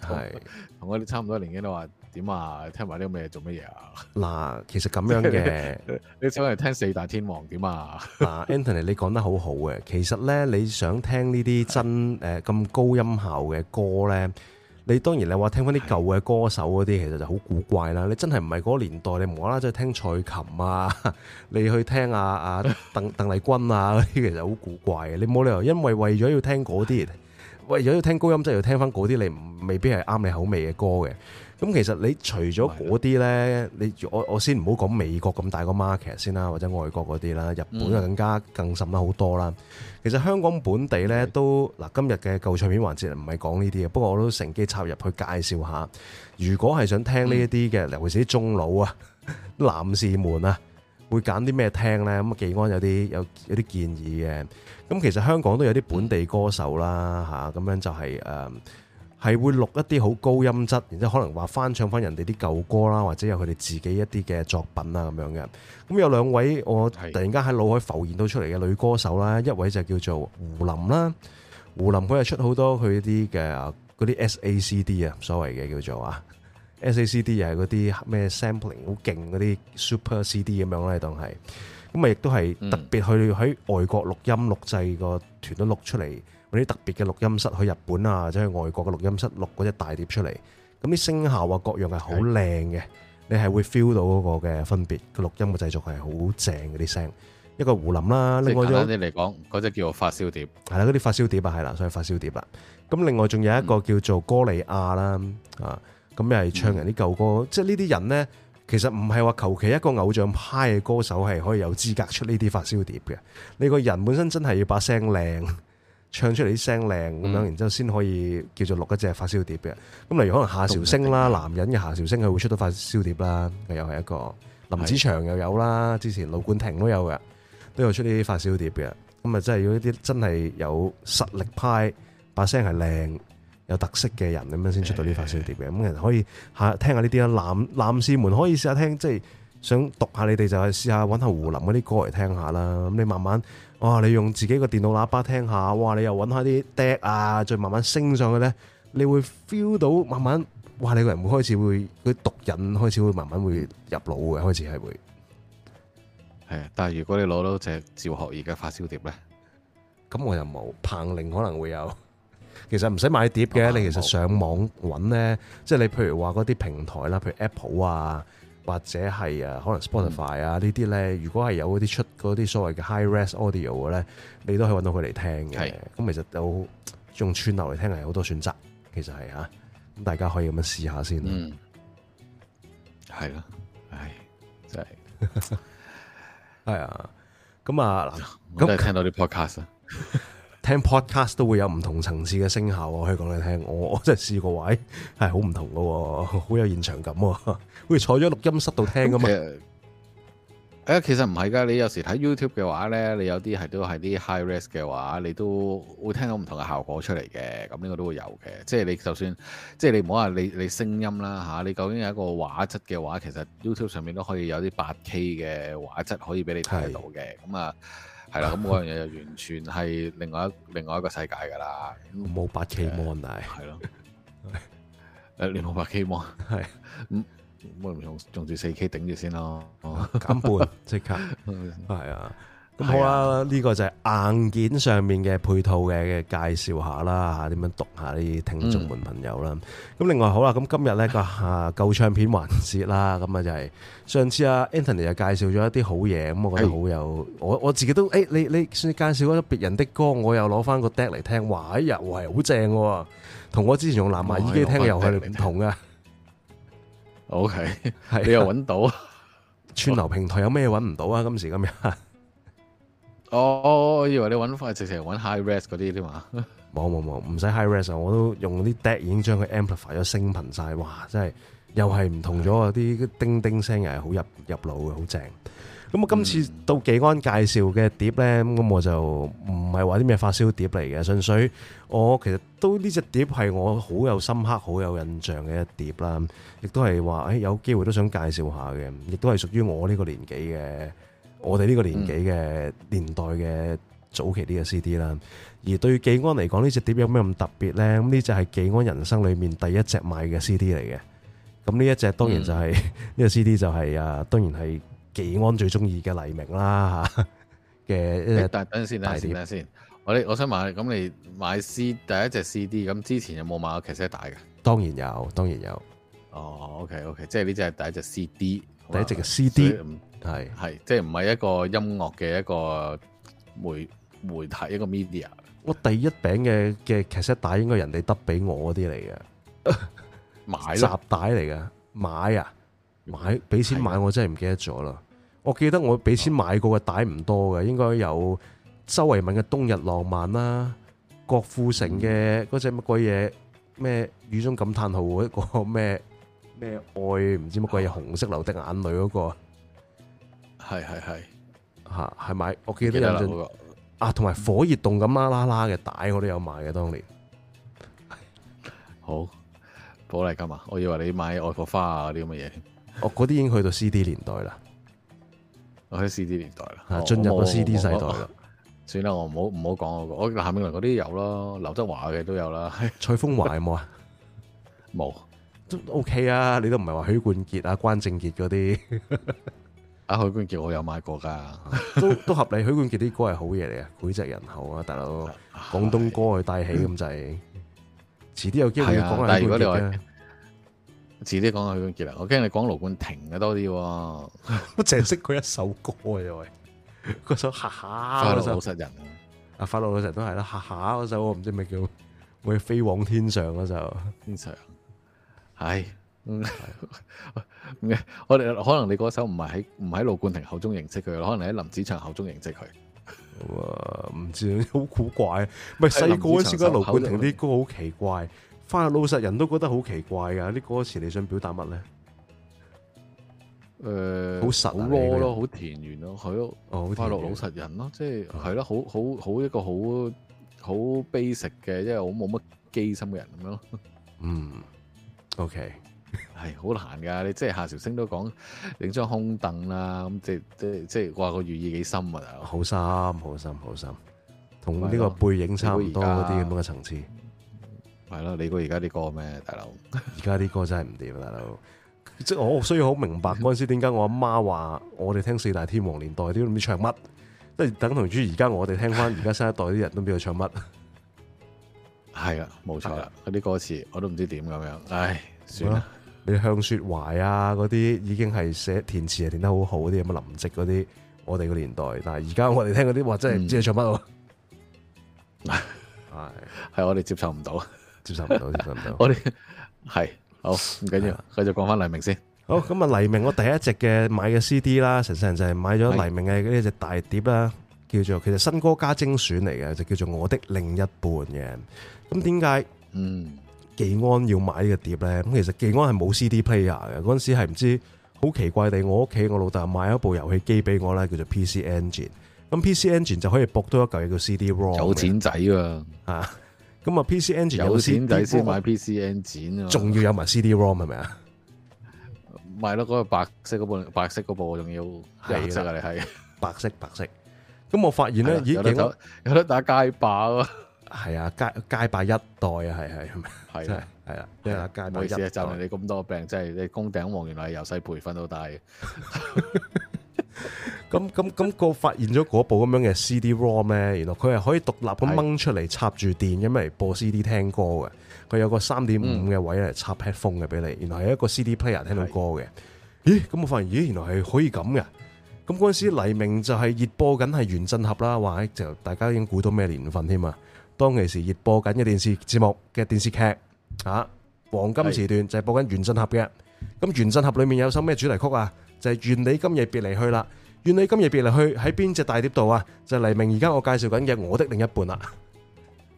係同我啲差唔多年紀都話點啊，聽埋啲咩做乜嘢啊？嗱，其實咁樣嘅， 你想嚟聽四大天王點啊 ？Anthony，你講得好好嘅。其實咧，你想聽呢啲真誒咁、呃、高音效嘅歌咧？你當然你話聽翻啲舊嘅歌手嗰啲，其實就好古怪啦。你真係唔係嗰個年代，你無啦啦真係聽蔡琴啊，你去聽啊啊鄧鄧麗君啊嗰啲，其實好古怪嘅。你冇理由因為為咗要聽嗰啲。喂，如果要聽高音，真係要聽翻嗰啲你未必係啱你口味嘅歌嘅。咁其實你除咗嗰啲咧，你我我先唔好講美國咁大個 market 先啦，或者外國嗰啲啦，日本又更加更滲得好多啦。其實香港本地咧都嗱，今日嘅舊唱片環節唔係講呢啲嘅，不過我都乘機插入去介紹下。如果係想聽呢一啲嘅，尤其是啲中老啊、男士們啊，會揀啲咩聽呢？咁啊，技安有啲有有啲建議嘅。咁其實香港都有啲本地歌手啦，咁樣就係、是、係、呃、會錄一啲好高音質，然之後可能話翻唱翻人哋啲舊歌啦，或者有佢哋自己一啲嘅作品啊咁樣嘅。咁有兩位我突然間喺腦海浮現到出嚟嘅女歌手啦，一位就叫做胡琳啦，胡琳佢係出好多佢啲嘅嗰啲 SACD 啊，所謂嘅叫做啊。S.A.C.D，又係嗰啲咩 sampling 好勁嗰啲 super C.D 咁樣咧，當係咁啊，亦都係特別去喺外國錄音錄製個團都錄出嚟嗰啲特別嘅錄音室，去日本啊，或者去外國嘅錄音室錄嗰隻大碟出嚟。咁啲聲效啊，各樣係好靚嘅，你係會 feel 到嗰個嘅分別個錄音嘅製作係好正嗰啲聲。一個胡林啦，另外咗啲嚟講嗰隻叫做發燒碟係啦，嗰啲發燒碟啊係啦，所以發燒碟啦。咁另外仲有一個叫做歌利亞啦啊。咁又係唱人啲舊歌，嗯、即係呢啲人呢，其實唔係話求其一個偶像派嘅歌手係可以有資格出呢啲發燒碟嘅。你個人本身真係要把聲靚，唱出嚟啲聲靚咁樣，嗯、然之後先可以叫做錄一隻發燒碟嘅。咁例如可能夏韶聲啦，男人嘅夏韶聲佢會出到發燒碟啦，又係一個林子祥又有啦，之前盧冠廷都有嘅，都有出呢啲發燒碟嘅。咁啊，真係要一啲真係有實力派，把聲係靚。有特色嘅人咁樣先出到啲發燒碟嘅，咁其實可以嚇聽下呢啲啊，男男士們可以試下聽，即係想讀下你哋就係試下揾下胡琳嗰啲歌嚟聽下啦。咁你慢慢，哇、哦！你用自己個電腦喇叭聽下，哇！你又揾下啲笛啊，再慢慢升上去咧，你會 feel 到慢慢，哇！你個人會開始會個毒癮開始會慢慢會入腦嘅，開始係會。係啊，但係如果你攞到一隻趙學而嘅發燒碟咧，咁我又冇，彭羚可能會有。其實唔使買碟嘅、嗯，你其實上網揾咧、嗯，即係你譬如話嗰啲平台啦，譬如 Apple 啊，或者係啊可能 Spotify 啊、嗯、呢啲咧，如果係有嗰啲出嗰啲所謂嘅 High Res Audio 嘅咧，你都可以揾到佢嚟聽嘅。咁其實有用串流嚟聽係好多選擇，其實係啊。咁大家可以咁樣試下先咯。係、嗯、咯，真係係啊，咁啊、就係， 我都係聽到啲 Podcast 啊。 聽 podcast 都會有唔同層次嘅聲效，我可以講你聽。我我真係試過，位、哎，係好唔同嘅，好有現場感啊，好似坐咗錄音室度聽咁嘛？誒、okay，其實唔係噶，你有時睇 YouTube 嘅話咧，你有啲係都係啲 high res 嘅話，你都會聽到唔同嘅效果出嚟嘅。咁呢個都會有嘅，即係你就算，即係你唔好話你你聲音啦吓，你究竟係一個畫質嘅話，其實 YouTube 上面都可以有啲八 K 嘅畫質可以俾你睇到嘅。咁啊。係 啦、啊，咁嗰樣嘢就完全係另外一另外一個世界噶啦，冇八 K monitor 係咯，誒、啊，連冇八 K monitor 係，咁 咪、啊啊嗯啊、用用住四 K 頂住先咯，減 半即刻，係 是啊。 咁好啦，呢、啊呢個就係硬件上面嘅配套嘅嘅介紹下啦，嚇點樣讀下啲聽眾們朋友啦。咁、嗯、另外好啦，咁今日呢個舊 唱片環節啦，咁啊就係上次阿 Anthony 又介紹咗一啲好嘢，咁我覺得好有，我我自己都，哎、欸、你你算介紹咗啲別人的歌，我又攞翻個 DAC 嚟聽，哇哎呀，喂，好正喎，同我之前用藍牙耳機聽嘅、哦、 Okay, 又係唔同啊。OK，你又揾到串流平台有咩揾唔到啊？今時今日。 哦、我以為你揾翻直情揾 high res 嗰啲添啊！冇冇冇，唔使 high res，我都用啲 DAC 已經將佢 amplify 咗升頻晒。哇！真係又係唔同咗啲、嗯、叮叮聲又係好入入腦嘅，好正。咁我今次到技安介紹嘅碟咧，咁、嗯、我就唔係話啲咩發燒碟嚟嘅，純粹我其實都呢隻碟係我好有深刻、好有印象嘅一碟啦，亦都係話誒有機會都想介紹下嘅，亦都係屬於我呢個年紀嘅。我哋呢個年紀嘅年代嘅早期呢個 CD 啦、嗯，而對技安嚟講呢隻碟有咩咁特別咧？咁呢隻係技安人生裏面第一隻買嘅 CD 嚟嘅。咁呢一隻當然就係、是、呢、嗯這個 CD 就係、是、啊，當然係技安最中意嘅黎明啦吓嘅。但係等陣先啦，等陣先。我哋我想問，咁你買 C 第一隻 CD，咁之前有冇買過其他帶嘅？當然有，當然有。哦，OK，OK，、okay, okay, 即係呢隻係第一隻 CD，第一隻嘅 CD。係係，即係唔係一個音樂嘅一個媒媒體一個 media。我第一餅嘅嘅 cassette 帶應該人哋得俾我嗰啲嚟嘅，買雜帶嚟嘅，買啊買，俾錢買我真係唔記得咗啦。我記得我俾錢買過嘅帶唔多嘅，應該有周慧敏嘅《冬日浪漫》啦，郭富城嘅嗰隻乜鬼嘢咩雨中感嘆號一個咩咩愛唔知乜鬼嘢紅色流的眼淚嗰個。係係係，吓係買，我、okay，記得有陣、嗯、啊，同埋火熱凍咁啦啦啦嘅帶我都有買嘅，當年好寶麗金啊！我以為你買外國花啊啲咁嘅嘢，我嗰啲已經去到 CD 年代啦，我喺 CD 年代啦，進、啊、入咗 CD 世代啦。算啦，我唔好唔好講我個，我黎明嗰啲有咯，劉德華嘅都有啦，蔡楓華有冇啊？冇 都 OK 啊，你都唔係話許冠傑啊、關正傑嗰啲。 阿、啊、許冠傑，我有買過噶，都都合理。許 冠傑啲歌係好嘢嚟啊，膾炙人口啊，大佬，廣東歌去帶起咁滯。遲啲有機會講下許你遲啲講下許冠傑啦，啊啊，我驚你講盧冠廷嘅多啲，啊。我淨係識佢一首歌咋喂？嗰首哈哈，快樂老實人。啊，法老老實都係啦，哈哈嗰首我唔知咩叫，我要飛往天上嗰首。天上，唉。我 哋可能你嗰首唔係喺唔喺盧冠廷口中認識佢，可能你喺林子祥口中認識佢。唔知好古怪。咪細個嗰時覺得盧冠廷啲歌好奇怪，翻去老實人都覺得好奇怪噶啲歌詞，你想表達乜咧？誒、呃，好手囉咯,好田園咯,係、哦、咯，快樂老實人咯，即係係咯，好好好一個好好 basic 嘅，即係好冇乜機心嘅人咁樣。嗯，OK。係 好難噶，你即係夏韶聲都講影張空凳啦，啊，咁即即即話個寓意幾深啊？好深，好深，好深，同呢個背影差唔多嗰啲咁嘅層次。係咯，你估而家啲歌咩，大佬？而家啲歌真係唔掂，大佬。 即我需要好明白嗰陣時點解我阿媽話我哋聽四大天王年代啲唔知唱乜，即等同於而家我哋聽翻而家新一代啲人都唔 知佢唱乜。係啊，冇錯啦，嗰啲歌詞我都唔知點咁樣，唉，算啦。你向雪懷啊，嗰啲已經係寫填詞，係填得好好嗰啲咁啊，林夕嗰啲，我哋個年代。但係而家我哋聽嗰啲，哇，真係唔知佢做乜喎。係、嗯、係、 哎、我哋接受唔到， 接受唔到，接受唔到。我哋係好唔緊要，繼 續講翻黎明先。好咁啊，黎明我第一隻嘅買嘅 CD 啦，成世人就係買咗黎明嘅呢隻大碟啦，叫做其實新歌加精選嚟嘅，就叫做我的另一半嘅。咁點解？嗯。技安要買嘅碟咧，咁其實技安係冇 C D player 嘅，嗰陣時係唔知好奇怪地，我屋企我老豆買咗部遊戲機俾我咧，叫做 P C engine，咁 P C engine 就可以博多一嚿嘢叫 C D rom。有錢仔啊，吓、啊，咁啊 P C engine 有，有錢仔先、啊，買 P C engine，仲要有埋 C D rom 係咪啊？買咯，嗰個白色嗰部白色嗰部仲要，係色啊你係白色白色，咁 我發現咧，咦，有得有得打街霸啊！係啊，街街霸一代啊，係係係真係係啊，唔好意思就係你咁多病，即係你宮頂王原來係由細培訓到大。咁咁咁，我發現咗嗰部咁樣嘅 C D ROM 咩，原來佢係可以獨立咁掹出嚟插住電咁嚟播 C D 聽歌嘅。佢有個三點五嘅位嚟插 headphone 嘅俾你，然後係一個 C D player 聽到歌嘅。咦？咁我發現咦，原來係可以咁嘅。咁嗰陣時黎明就係熱播緊係《原振俠》啦，話就大家已經估到咩年份添啊！當其時熱播緊嘅電視節目嘅電視劇，吓黃金時段就係播緊《原振俠》嘅。咁《原振俠》裏面有首咩主題曲啊？就係《願你今夜別離去》啦。願你今夜別離去喺邊隻大碟度啊？就係黎明而家我介紹緊嘅《我的另一半》啦。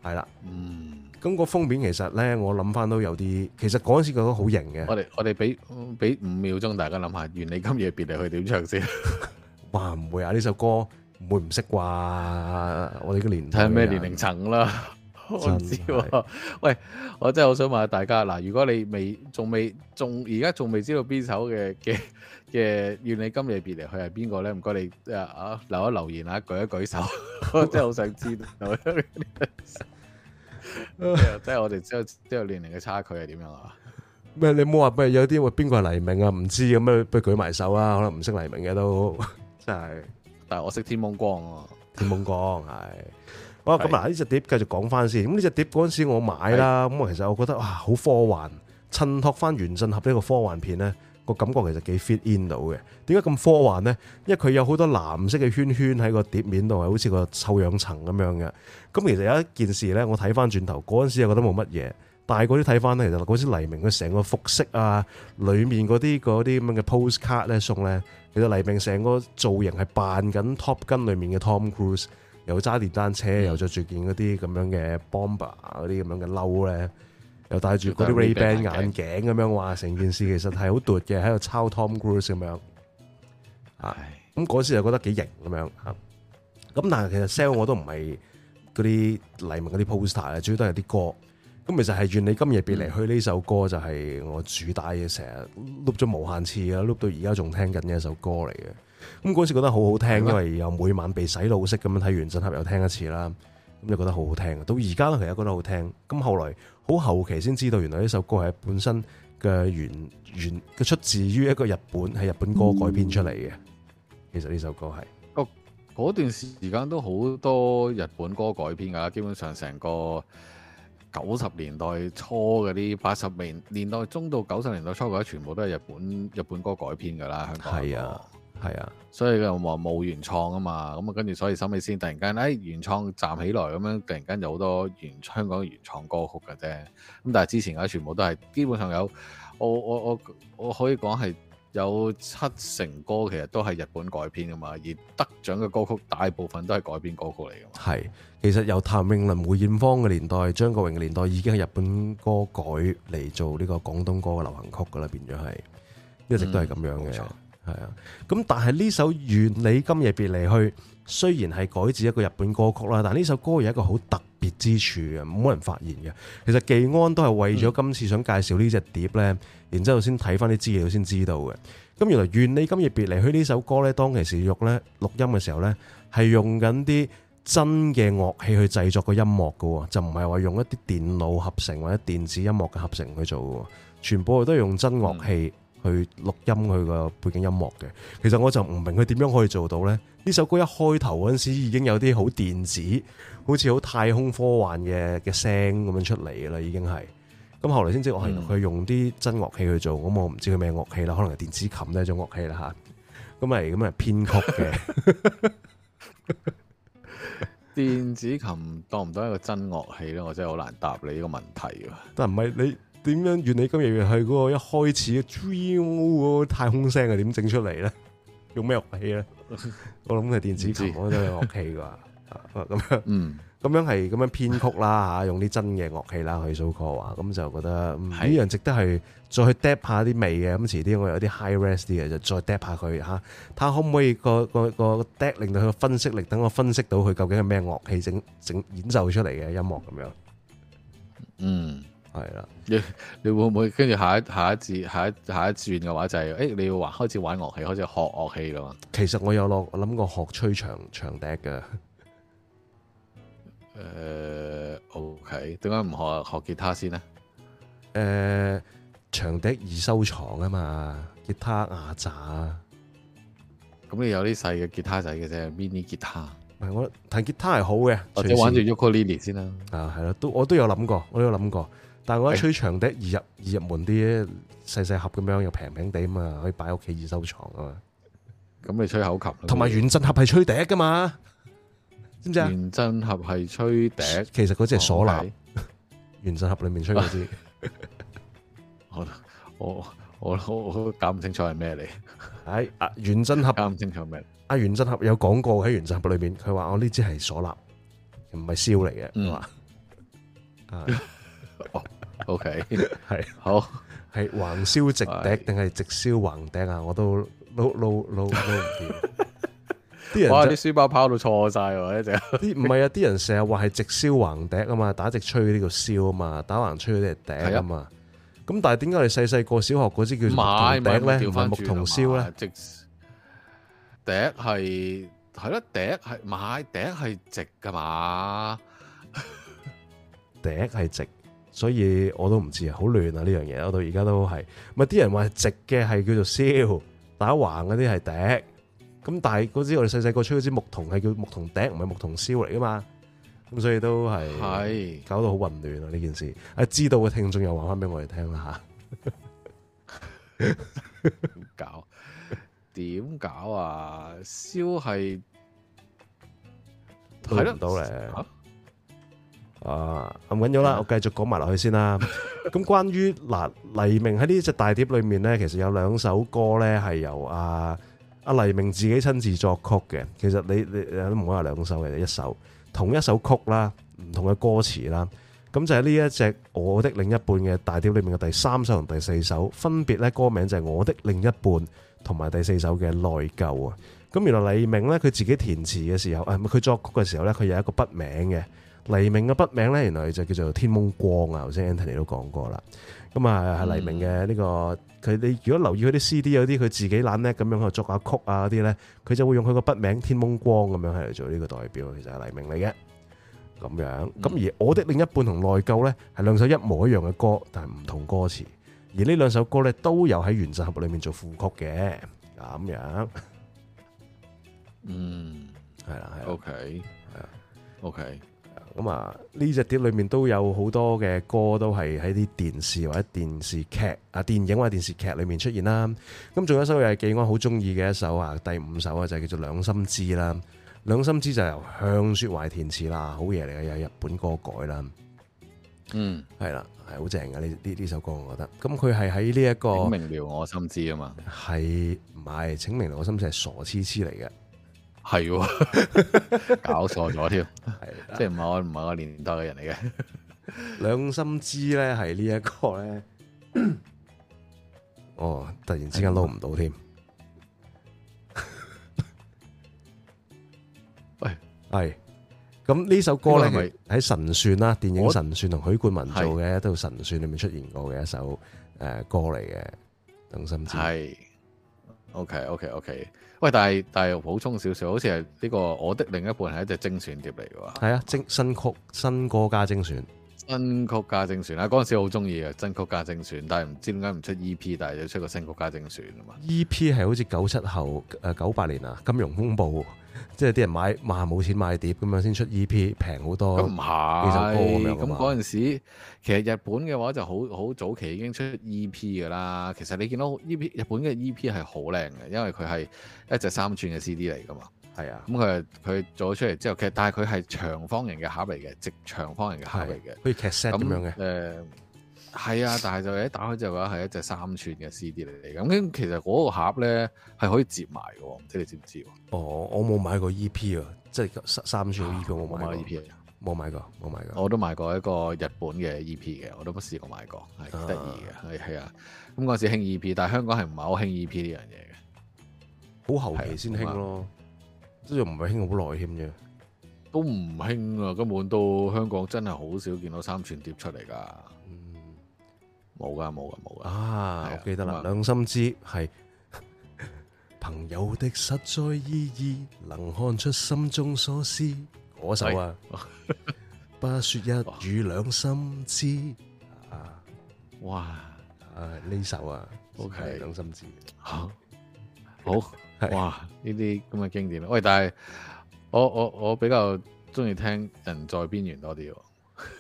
係啦，嗯，咁個封面其實呢，我諗翻都有啲，其實嗰陣時佢都好型嘅。我哋我哋俾俾五秒鐘大家諗下，《願你今夜別離去》點唱先？話唔會啊？呢首歌。唔會唔識啩？我哋嘅年睇下咩年齡層啦。的我唔知喎、啊。喂，我真係好想問下大家，嗱，如果你未仲未仲而家仲未知道首邊首嘅嘅嘅《願你今夜別離去》係邊個咧？唔該，你啊啊留一留言啊，舉一舉手， 我真係好想知道。即係 doctors, 我哋之後之後年齡嘅差距係點樣啊？咩你冇好話，咩有啲喂邊個係黎明啊？唔知咁樣不如舉埋手啊！可能唔識黎明嘅都真係。但係我識天芒光喎、啊，天芒光係，好 咁啊呢隻碟繼續講翻先，咁呢隻碟嗰陣時我買啦，咁我其實我覺得哇好科幻，襯托翻原振俠呢個科幻片咧個感覺其實幾 fit in 到嘅，點解咁科幻咧？因為佢有好多藍色嘅圈圈喺個碟面度係好似個臭氧層咁樣嘅，咁其實有一件事咧，我睇翻轉頭嗰陣時又覺得冇乜嘢。大個啲睇翻咧，其實嗰時黎明佢成個服飾啊，裏面嗰啲嗰啲咁樣嘅 postcard 咧送咧，其實黎明成個造型係扮緊 Top Gun 裏面嘅 Tom Cruise，又揸電單車，又著住件嗰啲咁樣嘅 bomber 嗰啲咁樣嘅褸咧，又戴住嗰啲 Ray-Ban 眼鏡咁樣，哇！成件事其實係好奪嘅，喺度抄 Tom Cruise 咁樣。唉。咁嗰時就覺得幾型咁樣嚇。咁但係其實 sell 我都唔係嗰啲黎明嗰啲 poster 咧，主要都係啲歌。咁其實係願你今夜別離去呢首歌就係我主打嘅，成日碌咗無限次啊，碌到而家仲聽緊嘅一首歌嚟嘅。咁嗰時覺得好好聽，因為又每晚被洗腦式咁樣睇完陣後又聽一次啦。咁就覺得好好聽。到而家都其實覺得好聽。咁後來好後期先知道原原，原來呢首歌係本身嘅原原嘅出自於一個日本係日本歌改編出嚟嘅。嗯。其實呢首歌係，哦嗰段時間都好多日本歌改編噶，基本上成個。九十年代初嗰啲，八十年年代中到九十年代初嘅全部都係日本日本歌改編噶啦，香港係啊，係啊，所以佢又話冇原創啊嘛，咁啊跟住所以收尾先突然間，哎原創站起來咁樣，突然間有好多原香港原創歌曲嘅啫，咁但係之前嘅全部都係基本上有，我我我我可以講係。有七成歌其實都係日本改編噶嘛，而得獎嘅歌曲大部分都係改編歌曲嚟噶嘛。係，其實由譚詠麟、梅豔芳嘅年代，張國榮嘅年代已經係日本歌改嚟做呢個廣東歌嘅流行曲噶啦，變咗係、嗯、一直都係咁樣嘅。係啊，咁但係呢首《願你今夜別離去》，雖然係改自一個日本歌曲啦，但呢首歌有一個好特的別之處嘅，冇人發現嘅。其實技安都係為咗今次想介紹呢隻碟咧，然之後先睇翻啲資料先知道嘅。咁原來《願你今夜別離去》呢首歌咧，當其時用咧錄音嘅時候咧，係用緊啲真嘅樂器去製作個音樂噶，就唔係話用一啲電腦合成或者電子音樂嘅合成去做噶。全部都係用真樂器去錄音佢個背景音樂嘅。其實我就唔明佢點樣可以做到咧？呢首歌一開頭嗰陣時已經有啲好電子。好似好太空科幻嘅嘅聲咁樣出嚟啦，已經係咁。後嚟先知，我係佢用啲真樂器去做，咁我唔知佢咩樂器啦，可能係電子琴呢一種樂器啦吓。咁咪咁嚟編曲嘅 。 電子琴當唔當一個真樂器咧？我真係好難答你呢個問題。但係唔係你點樣？願你今日係嗰個一開始嘅 dream 太空聲啊？點整出嚟咧？用咩樂器咧？我諗係電子琴嗰種樂器啩。 咁、啊、樣，咁、嗯、樣係咁樣編曲啦吓、啊，用啲真嘅樂器啦去做歌話，咁就覺得呢、嗯、樣值得係再去 deap 下啲味嘅。咁遲啲我有啲 high res 啲嘅，就再 deap 下佢吓，睇下、啊、可唔可以個個個 deck 令到佢分析力，等我分析到佢究竟係咩樂器整整演奏出嚟嘅音樂咁樣。嗯，係啦。你會唔會跟住下一下一下一下一轉嘅話就係、是，誒、欸、你要話開始玩樂器，開始學樂器啦嘛？其實我有落，我諗過學吹長長笛嘅。誒、uh,，OK，點解唔學學吉他先咧？誒、uh,，長笛易收藏啊嘛，吉他啊咋？咁你有啲細嘅吉他仔嘅啫，mini 吉他。唔係，我彈吉他係好嘅，或者玩住 ukulele 先啦。啊、uh,，係咯，都我都有諗過，我都有諗過，但係我一吹長笛易入易入門啲，細細盒咁樣又平平地啊嘛，可以擺喺屋企易收藏啊嘛。咁你吹口琴，同埋圓振盒係吹笛噶嘛？原振俠係吹笛，其實嗰隻係嗩吶。原振俠裏面吹嗰支 我，我我我我搞唔清楚係咩嚟。係阿原振俠搞唔清楚咩？阿原振俠有講過喺原振俠裏面，佢話我呢支係嗩吶，唔係燒嚟嘅。嗯啊，OK 係好，係橫燒直笛定係直燒橫笛啊？我都撈撈撈撈唔掂。啲人話啲書包拋到錯晒，一直。啲唔係啊，啲人成日話係直燒橫笛啊嘛，打直吹嗰啲叫燒啊嘛，打橫吹嗰啲係笛啊嘛。咁但係點解你細細個小學嗰啲叫木笛咧，木同燒咧？笛係係咯，笛係買笛係直噶嘛？笛係直，所以我都唔知啊，好亂啊呢樣嘢，我到而家都係。咪啲人話直嘅係叫做燒，打橫嗰啲係笛。咁但係嗰支我哋細細個吹嗰支牧童係叫牧童笛，唔係牧童簫嚟噶嘛。咁所以都係，係搞到好混亂啊呢件事。啊，知道嘅聽眾又話翻俾我哋聽啦吓，點搞？點搞啊？簫係睇唔到嚟啊！唔緊要啦，我繼續講埋落去先啦。咁關於嗱黎明喺呢隻大碟裏面咧，其實有兩首歌咧係由阿。阿黎明自己親自作曲嘅，其實你你有啲唔好話兩首嘅，就一首同一首曲啦，唔同嘅歌詞啦，咁就係呢一隻《我的另一半》嘅大碟裏面嘅第三首同第四首，分別咧歌名就係《我的另一半》同埋第四首嘅內疚啊！咁原來黎明咧佢自己填詞嘅時候，誒佢作曲嘅時候咧，佢有一個筆名嘅。黎明嘅筆名咧，原來就叫做天濛光啊！頭先 Antony 都講過啦，咁啊係黎明嘅呢個佢你如果留意佢啲 CD 有啲佢自己懶叻咁樣去作下曲啊啲咧，佢就會用佢個筆名天濛光咁樣係嚟做呢個代表，其實係黎明嚟嘅咁樣。咁而我的另一半同內疚咧係兩首一模一樣嘅歌，但係唔同歌詞。而呢兩首歌咧都有喺原集合裏面做副曲嘅咁樣。嗯，係啦，係。OK，係啊，OK。咁、嗯、啊，呢、這、隻、個、碟裏面都有好多嘅歌，都係喺啲電視或者電視劇啊、電影或者電視劇裏面出現啦。咁、啊、仲有一首又係技安好中意嘅一首啊，第五首啊就是、叫做《兩心知》啦，《兩心知》就是、由向雪懷填詞啦，好嘢嚟嘅又係日本歌改啦。嗯，係啦，係好正噶呢呢呢首歌，我覺得。咁佢係喺呢一個明我心知的》啊嘛，係唔係？請明我心思係傻痴痴嚟嘅。係，搞錯咗添，即係唔係我唔係我年代嘅人嚟嘅。兩 心知咧係呢一個咧， 哦，突然之間撈唔到添。喂，係， 咁呢首歌咧係喺神算啦，電影《神算》同許冠文做嘅，喺套《神算》裏面出現過嘅一首誒歌嚟嘅。兩心知係，OK OK OK。喂，但係但係補充少少，好似係呢個我的另一半係一隻精選碟嚟㗎喎。係啊，精新曲新歌加精選，新曲加精選啦。嗰陣時好中意啊，新曲加精選，但係唔知點解唔出 EP，但係就出個新曲加精選啊嘛。EP 係好似九七後誒九八年啊，金融風暴。即係啲人買萬冇錢買碟咁樣，先出 EP 平好多，幾首歌咁樣。咁嗰陣時，其實日本嘅話就好好早期已經出 EP 噶啦。其實你見到 EP 日本嘅 EP 係好靚嘅，因為佢係一隻三寸嘅 CD 嚟噶嘛。係啊，咁佢佢做咗出嚟之後，其實但係佢係長方形嘅盒嚟嘅，直長方形嘅盒嚟嘅。可以劇 set 咁樣嘅。係啊，但係就一打開之後嘅話，係一隻三寸嘅 C D 嚟嘅。咁跟其實嗰個盒咧係可以折埋嘅，即係你知唔知？哦，我冇買過 E P 啊，即係三三寸 E 我冇買過 E P 啊，冇買過冇買,買,買過。我都買過一個日本嘅 E P 嘅，我都冇試過買過，係得意嘅係係啊。咁嗰陣時興 E P，但係香港係唔係好興 E P 呢樣嘢嘅？好後期先興咯，即係唔係興好耐添啫？都唔興啊！根本到香港真係好少見到三寸碟出嚟噶。冇㗎，冇㗎，冇㗎。啊，我記得啦，《兩心知》係朋友的實在意義，能看出心中所思。嗰首啊，不說 一語兩心知。啊，哇，係、啊、呢、啊、首啊，k、okay,《兩心知》啊。吓，好， 哇，呢啲咁嘅經典。喂，但係我我我比較中意聽《人在邊緣》多啲。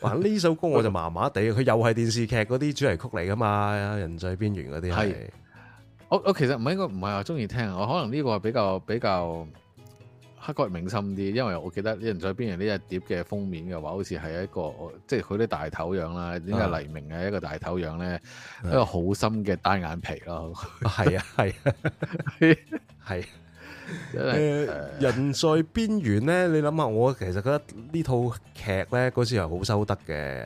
哇！呢首歌我就麻麻地，佢 又係電視劇嗰啲主題曲嚟噶嘛，人邊緣《人在邊緣》嗰啲係。我我其實唔係，應該唔係話中意聽，我可能呢個比較比較刻骨銘心啲，因為我記得《人在邊緣》呢一碟嘅封面嘅話，好似係一個即係佢啲大頭樣啦，呢個黎明嘅一個大頭樣咧、啊，一個好深嘅單眼皮咯。係啊係 啊係。係啊係啊 係啊誒，人在邊緣咧，你諗下，我其實覺得這套劇呢套劇咧嗰時係好收得嘅，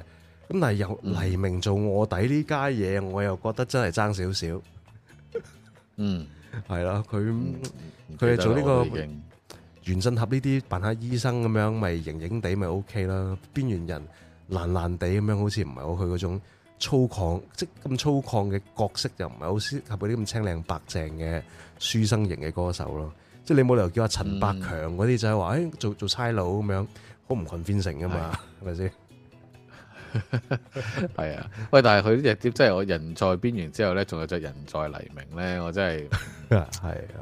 咁但係由黎明做臥底呢家嘢，我又覺得真係爭少少。嗯，係啦，佢佢係做呢、這個原振俠呢啲扮下醫生咁樣，咪型型地咪 OK 啦。邊緣人爛爛地咁樣，好似唔係好去嗰種粗獷，即咁粗獷嘅角色，又唔係好適合佢啲咁清靚白淨嘅書生型嘅歌手咯。即係你冇理由叫阿陳百強嗰啲就係話誒做做差佬咁樣，好唔近邊城噶嘛，係咪先？係 啊，喂！但係佢呢隻碟真係我人在邊緣之後咧，仲有隻人在黎明咧，我真係係 啊。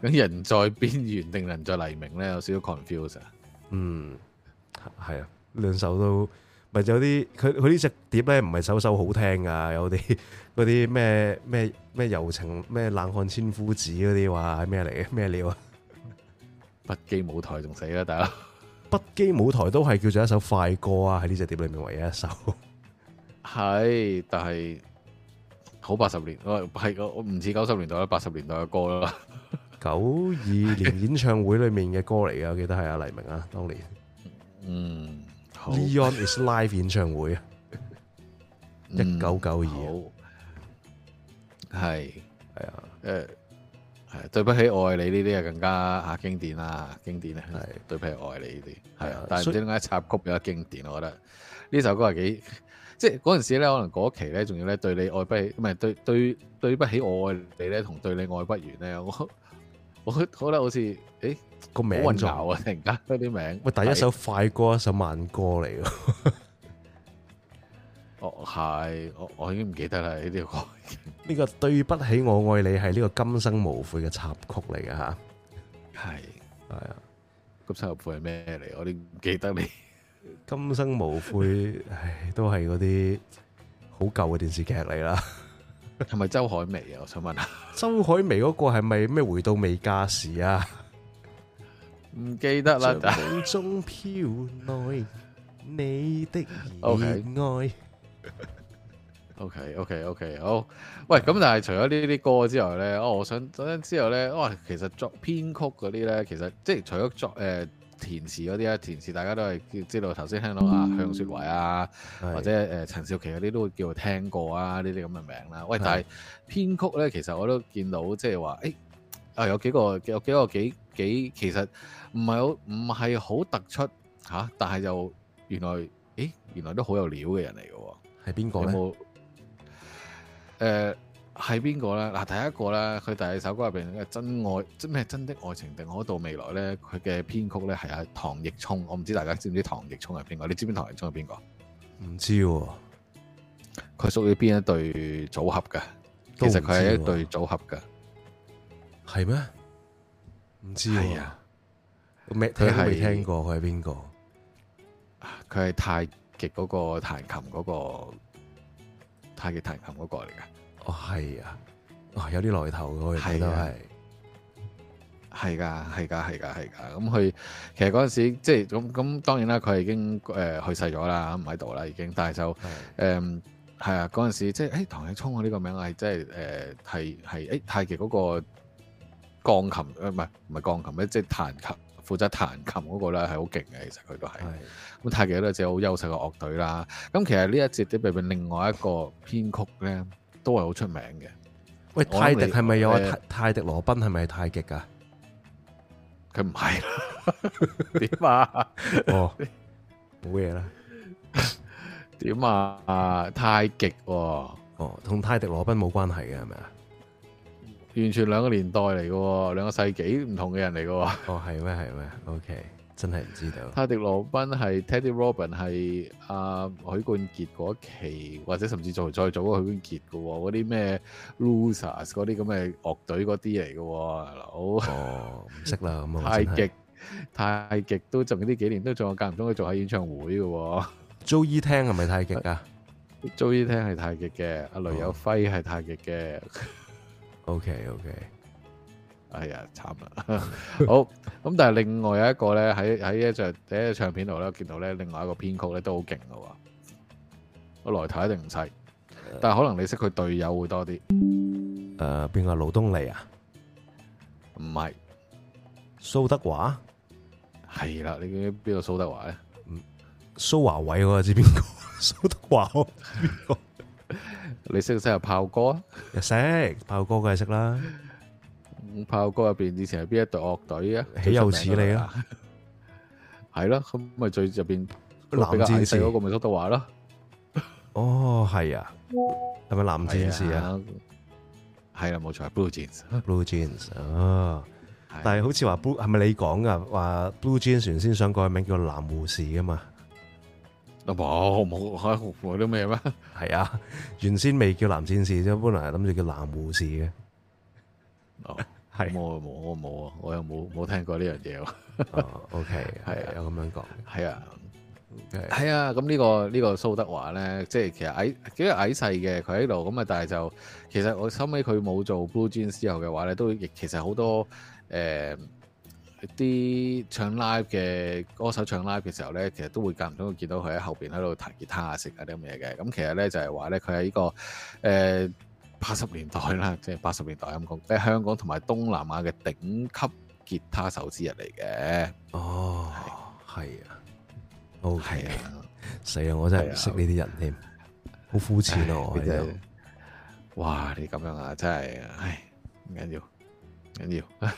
咁人在邊緣定人在黎明咧，我有少少 confuse 啊。嗯，係啊，兩首都咪有啲佢佢呢隻碟咧，唔係首首好聽噶，有啲嗰啲咩咩咩柔情咩冷汗千夫指嗰啲話咩嚟嘅咩料啊！北基舞台仲死啦，大家。北基舞台都係叫做一首快歌啊，喺呢隻碟裏面唯一一首。係，但係好八十年，係我唔似九十年代、八十年代嘅歌啦。九二年演唱會裏面嘅歌嚟噶， 我記得係啊，黎明啊，當年。嗯，好。Leon is Live 演唱會啊，一九九二。係係啊，誒。係，對不起愛你呢啲啊更加吓經典啦，經典啊！係，對不起愛你呢啲係啊，但係唔知點解插曲比較經典，我覺得呢首歌係幾，即係嗰陣時咧，可能嗰期咧仲要咧，對你愛不起，唔係對對對不起我愛你咧，同對你愛不完咧，我我覺得好似誒個名混淆啊，突然間嗰啲名，喂第一首快歌是一首慢歌嚟。 哦、我係我我已經唔記得啦呢啲歌，呢、這個對不起我愛你係呢個今生無悔嘅插曲嚟嘅吓，係係啊，今生無悔係咩嚟？我啲唔記得你，今生無悔，唉，都係嗰啲好舊嘅電視劇嚟啦。係咪周海媚啊？我想問下，周海媚嗰個係咪咩回到未嫁時啊？唔記得啦。 O K O K O K 好，喂，咁，但係除咗呢啲歌之外咧，哦，我想講之後咧，哦，其實作編曲嗰啲咧，其實即係除咗作誒填詞嗰啲啊，填詞大家都係知道頭先聽到，嗯、啊向雪懷啊，或者誒陳、呃、少琪嗰啲都會叫做聽過啊呢啲咁嘅名啦。喂，但係編曲咧，其實我都見到即係話誒啊，有幾個有幾個幾幾，其實唔係好唔係好突出吓，啊，但係就原來誒、欸、原來都好有料嘅人嚟嘅。係邊個咧？誒，係邊個咧？嗱，第一個咧，佢第二首歌入邊嘅真愛，即係咩？真的愛情定我到未來咧？佢嘅編曲咧係阿唐奕聰。我唔知大家知唔知唐奕聰係邊個？你知唔知唐奕聰係邊個？唔知，佢屬於邊一對組合嘅？其實佢係一對組合嘅，係咩？唔知係啊？未佢未聽過佢係邊個？佢係泰。極、那、嗰個彈琴嗰、那個太極彈琴嗰個嚟嘅，哦係啊，哦有啲來頭嗰個都係，係噶係噶係噶係噶，咁佢、啊嗯、其實嗰陣時即係咁咁，當然啦，佢已經誒、呃、去世咗啦，唔喺度啦，已經，但係就誒係啊，嗰陣、嗯、時即係誒，唐奕聰啊呢個名係即係、呃、誒係係誒太極嗰個鋼琴唔係唔係鋼琴咩，即係彈琴。負責彈琴嗰個咧係好勁嘅，其實佢都係。咁太極嗰度隻好優秀嘅樂隊啦。咁其實呢一節碟裡邊另外一個編曲咧，都係好出名嘅。喂，泰迪係咪有泰、呃、泰迪羅賓係咪太極㗎？佢唔係。點 啊？哦，冇嘢啦。點 啊？太極、啊、哦，同泰迪羅賓冇關係嘅係咪啊？是完全兩個年代嚟嘅，兩個世紀唔同嘅人嚟嘅。哦，係咩？係咩？OK，真係唔知道。泰迪羅賓係 Teddy Robin 係阿、啊、許冠傑嗰期，或者甚至做再再早嘅許冠傑嘅嗰啲咩 Losers 嗰啲咁嘅樂隊嗰啲嚟嘅。哦，唔識啦。太極，太極都最近呢幾年都仲有間唔中去做下演唱會嘅 Joe、e. 啊。Joey 聽係咪太極啊？Joey 聽係太極嘅，阿、哦、雷有輝係太極嘅。O K O K，哎呀，慘啦，好咁，但係另外有一個咧喺喺一隻一隻唱片度咧見到咧另外一個編曲咧都好勁噶我來頭一定唔細，但係可能你識佢隊友會多啲。誒，邊個盧東尼啊？唔係蘇德華，係啦，你邊個蘇德華咧？蘇華偉我知邊個，蘇德華哦。你識唔識阿炮哥啊？識，炮哥梗係識啦。炮哥入邊以前係邊一隊樂隊啊？豈有此理啊！係咯，咁咪最入邊藍戰士嗰個咪蘇德華咯？哦，係啊，係咪藍戰士啊？係啦，冇錯，Blue Jeans，Blue Jeans 啊。但係好似話 Blue 係咪你講噶？話 Blue Jeans 原先想改名叫藍護士噶嘛。冇冇開開啲咩咩？係 啊，原先未叫藍戰士，啫，本來諗住叫藍護士嘅。係、 oh, 我冇我冇、 oh, okay, 啊！我又冇冇聽過呢樣嘢。O K，係啊，有咁樣講。係啊，係、okay. 啊，咁、這個這個、呢個呢個蘇德華咧，即係其實矮，幾日矮細嘅，佢喺度咁啊，但係就其實我收尾佢冇做 Blue Jeans 之後嘅話咧，都亦其實好多誒。呃啲唱 live 嘅歌手唱 live 嘅時候咧，其實都會間唔中會見到佢喺後邊喺度彈吉他啊，食下啲咁嘢嘅。咁其實咧就係話咧，佢喺呢個誒八十年代啦，即係八十年代咁講，喺、嗯嗯就是、香港同埋東南亞嘅頂級吉他手之一嚟嘅。哦，係啊，O K 啊，死啊，啊，啊！我真係唔識呢啲人添，好、啊、膚淺啊！我呢度，哇！你咁樣啊，真係，唉，唔緊要，唔緊要。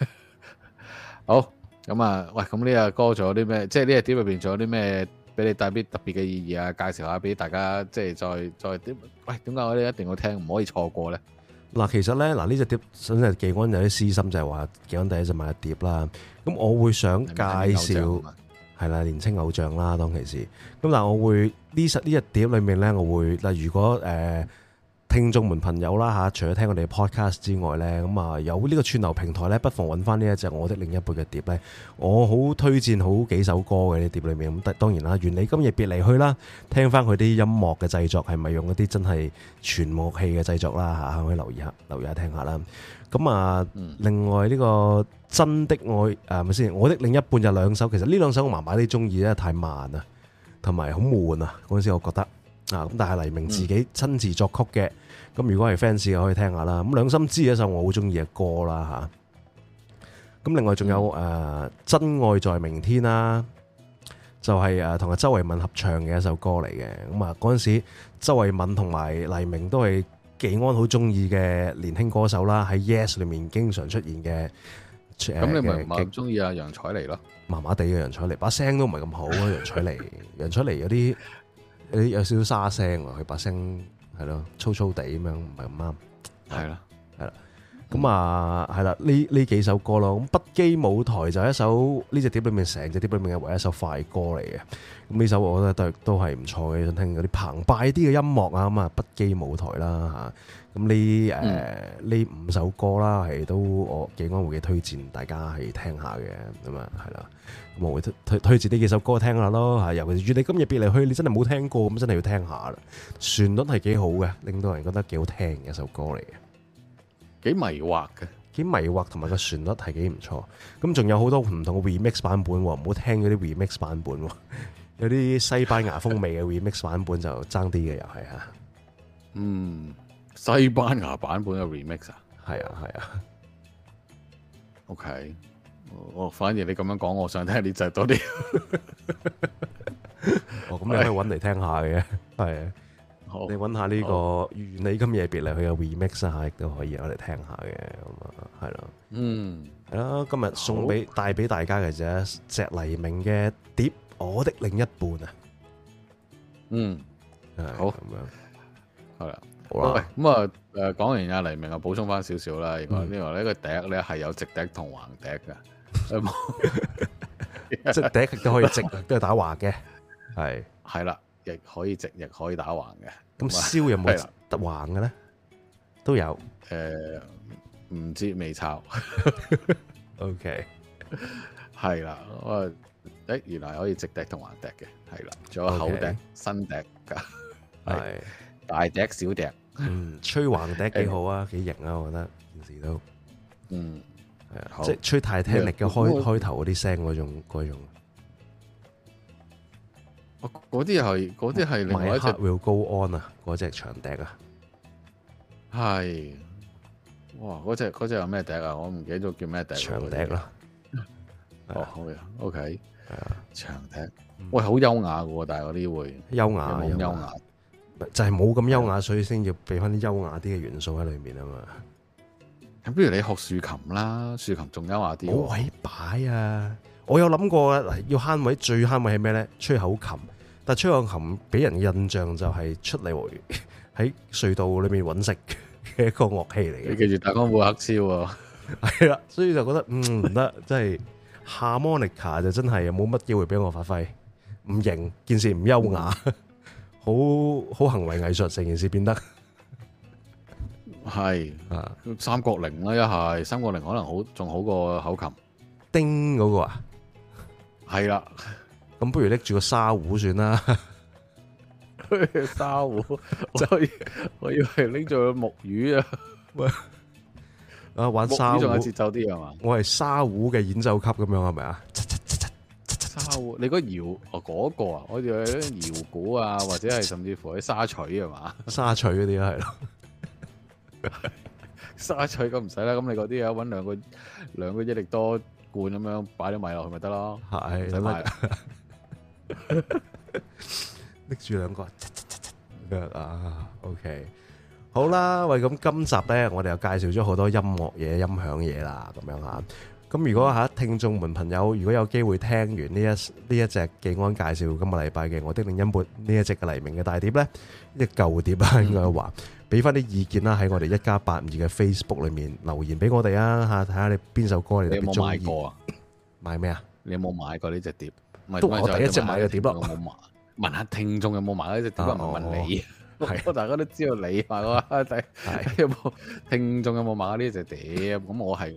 好咁啊！喂，咁呢個歌仲有啲咩？即係呢隻碟入邊仲有啲咩俾你帶啲特別嘅意義啊？介紹下俾大家，即係再再點？喂，點解我哋一定要聽，唔可以錯過咧？嗱，其實咧嗱呢隻碟，想係技安有啲私心，就係話技安第一隻買嘅碟啦。咁我會想介紹係啦，年青偶像啦，當其時咁。嗱，我會呢隻呢隻碟裏面咧，我會嗱如果誒。呃聽眾們朋友啦吓，除咗聽我哋嘅 podcast 之外咧，咁啊有呢個串流平台咧，不妨揾翻呢一隻我的另一半嘅碟咧，我好推薦好幾首歌嘅啲碟裏面，咁當然啦，願你今日別離去啦，聽翻佢啲音樂嘅製作係咪用一啲真係全樂器嘅製作啦吓，可以留意下，留意下聽下啦。咁啊，另外呢個真的愛係咪先？我的另一半就兩首，其實呢兩首我麻麻地中意咧，因為太慢啊，同埋好悶啊，嗰陣時我覺得啊，咁但係黎明自己親自作曲嘅。咁如果係 fans 嘅可以聽下啦，咁《兩心知》一首我好中意嘅歌啦吓。咁另外仲有誒《真愛在明天》啦，就係誒同阿周慧敏合唱嘅一首歌嚟嘅。咁啊嗰陣時，周慧敏同埋黎明都係技安好中意嘅年輕歌手啦，喺 Yes 裏面經常出現嘅。咁你咪勁中意阿楊采妮咯？麻麻地嘅楊采妮，把聲都唔係咁好啊！楊采妮，楊采妮有啲有少少沙聲啊，佢把聲。係咯，粗粗地咁樣，唔係咁啱。係啦，係啦，咁啊，係啦，呢呢幾首歌咯。咁《不羈舞台》就係一首呢隻碟裏面成隻碟裏面嘅唯一一首快歌嚟嘅。咁呢首我覺得都都係唔錯嘅，想聽嗰啲澎湃啲嘅音樂啊。咁啊，《不羈舞台》啦，吓。咁呢？誒呢五首歌啦，係都我技安會嘅推薦，大家係聽下嘅，咁啊，係啦，咁我會推推薦呢幾首歌聽下咯嚇。尤其是與你今日別離去，你真係冇聽過，咁真係要聽下啦。旋律係幾好嘅，令到人覺得幾好聽嘅一首歌嚟嘅，幾迷惑嘅，幾迷惑同埋個旋律係幾唔錯。咁仲有好多唔同嘅 remix 版本喎，唔好聽嗰啲 remix 版本，有啲西班牙風味嘅 remix 版本就爭啲嘅又係嚇，嗯。西班牙版本嘅 remix 啊，係啊，係啊，OK，我、哦、反而你咁樣講，我想聽呢隻多啲， 哦，咁你可以搵嚟聽下嘅，係， 好，你搵下呢、這個《願你今夜別離去》嘅 remix 下亦都可以，攞嚟聽下嘅，咁啊，係咯，嗯，係啦，今日送俾帶俾大家嘅就係隻《黎明》嘅碟《我的另一半》啊、嗯，嗯，好，咁樣，係啊。好啦，咁啊，誒，講完阿黎明啊，補充翻少少啦。如果呢個呢個笛咧係有直笛同橫笛噶， 直笛笛都可以直， 都可以打橫嘅，係係啦，亦可以直，亦可以打橫嘅。咁燒有冇得橫嘅咧？都有，誒、呃，唔知未抄。O K，係啦，誒，原來可以直笛同橫笛嘅，係啦，仲有口笛、okay. 新笛噶，係。大笛小笛， 嗯，吹橫笛幾好啊，幾型啊，我覺得件事都，嗯，啊、即係吹太聽力嘅開開頭嗰啲聲嗰種嗰種，哦，嗰啲係嗰啲係另外一隻 Will Go On 啊，嗰隻長笛啊，係，哇，嗰隻嗰隻有咩笛啊？我唔記得咗叫咩笛？啊，長笛啦，啊啊啊，哦好、okay, 啊，OK，長笛，嗯、喂，好優雅嘅喎，但係嗰啲會優雅，優雅。就係冇咁優雅，所以先要俾翻啲優雅啲嘅元素喺裏面啊嘛。咁不如你學豎琴啦，豎琴仲優雅啲。冇位擺啊！我有諗過啊，要慳位，最慳位係咩咧？吹口琴，但吹口琴俾人印象就係出嚟喺隧道裏面搵食嘅一個樂器嚟嘅。你記住大光布黑絲係啦，所以就覺得嗯唔得，即係 n i c a 就真係冇乜機會俾我發揮，唔型，件事唔優雅。嗯好好行為藝術，成件事變得係啊，三角鈴啦，一係三角鈴可能好仲好過口琴，叮嗰個啊，係啦，咁不如拎住個沙壺算啦， 沙壺，我以我以為拎住個木魚啊，啊玩沙壺仲有節奏啲係嘛，我係沙壺嘅演奏級咁樣係咪啊？是沙你嗰搖哦嗰個啊，我仲有啲搖鼓啊，或者係甚至乎啲沙錘係嘛，沙錘嗰啲咯係咯，沙錘咁唔使啦，咁 你嗰啲啊，搵兩個兩個益力多罐咁樣擺咗埋落去咪得咯，係使乜？拎住兩個，啊，OK，好啦，喂，咁今集咧，我哋又介紹咗好多音樂嘢、音響嘢啦，咁樣吓。咁如果吓聽眾們朋友，如果有機會聽完呢一呢一隻技安介紹今個禮拜嘅我的另一半呢一隻嘅黎明嘅大碟咧，呢隻舊碟啦，應該話俾翻啲意見啦，喺我哋一家八五二嘅 Facebook 裏面留言俾我哋啊吓，睇下你邊首歌你特別鍾意啊？買咩啊？你有冇買過呢隻碟？都係我第一隻買嘅碟咯。冇買，問下聽眾有冇買呢隻碟啊？我問你。大家都知道你買噶嘛，睇有冇聽眾有冇買呢隻碟？咁我係，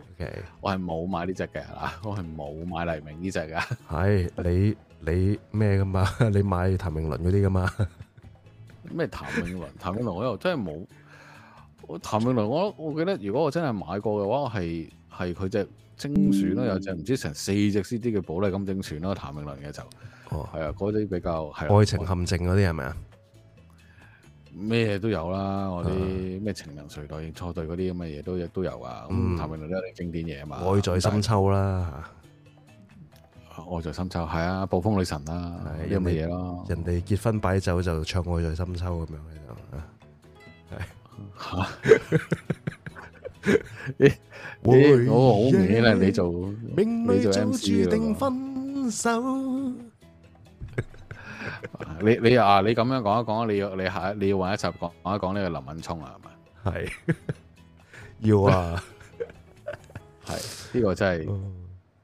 我係冇買呢隻嘅，我係冇買黎明呢隻嘅。係你你咩噶嘛？你買譚詠麟嗰啲噶嘛？咩譚詠麟？譚詠麟，我又真係冇。譚詠麟，我我記得如果我真係買過嘅話，係係佢隻精選咯，有隻唔知成四隻 CD 嘅寶麗金精選咯，譚詠麟嘅就。哦，係啊，嗰啲比較愛情陷阱嗰啲係咪啊？咩嘢都有啦，我啲咩情人隧道錯對嗰啲咁嘅嘢都亦都有啊。咁譚詠麟都有啲經典嘢啊嘛，愛在深秋啦，愛在深秋係啊，啊，啊，暴風女神啦、啊，有咩嘢咯？人哋、啊、結婚擺酒就唱愛在深秋咁樣嘅就，係、啊、吓、啊 欸欸欸，我個屋企咧，你做命你就注定分手。你你啊，你咁樣講一講，你要你下你要揾一集講講一講呢個林敏驄啊，係咪？係要啊，係呢個真係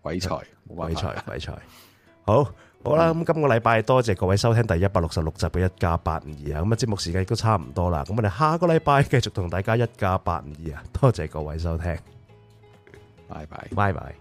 鬼才，鬼才鬼才，好好啦。咁今個禮拜多謝各位收聽第一百六十六集嘅一家八五二啊，咁啊節目時間亦都差唔多啦。咁我哋下個禮拜繼續同大家一家八五二啊，多謝各位收聽，拜拜，拜拜。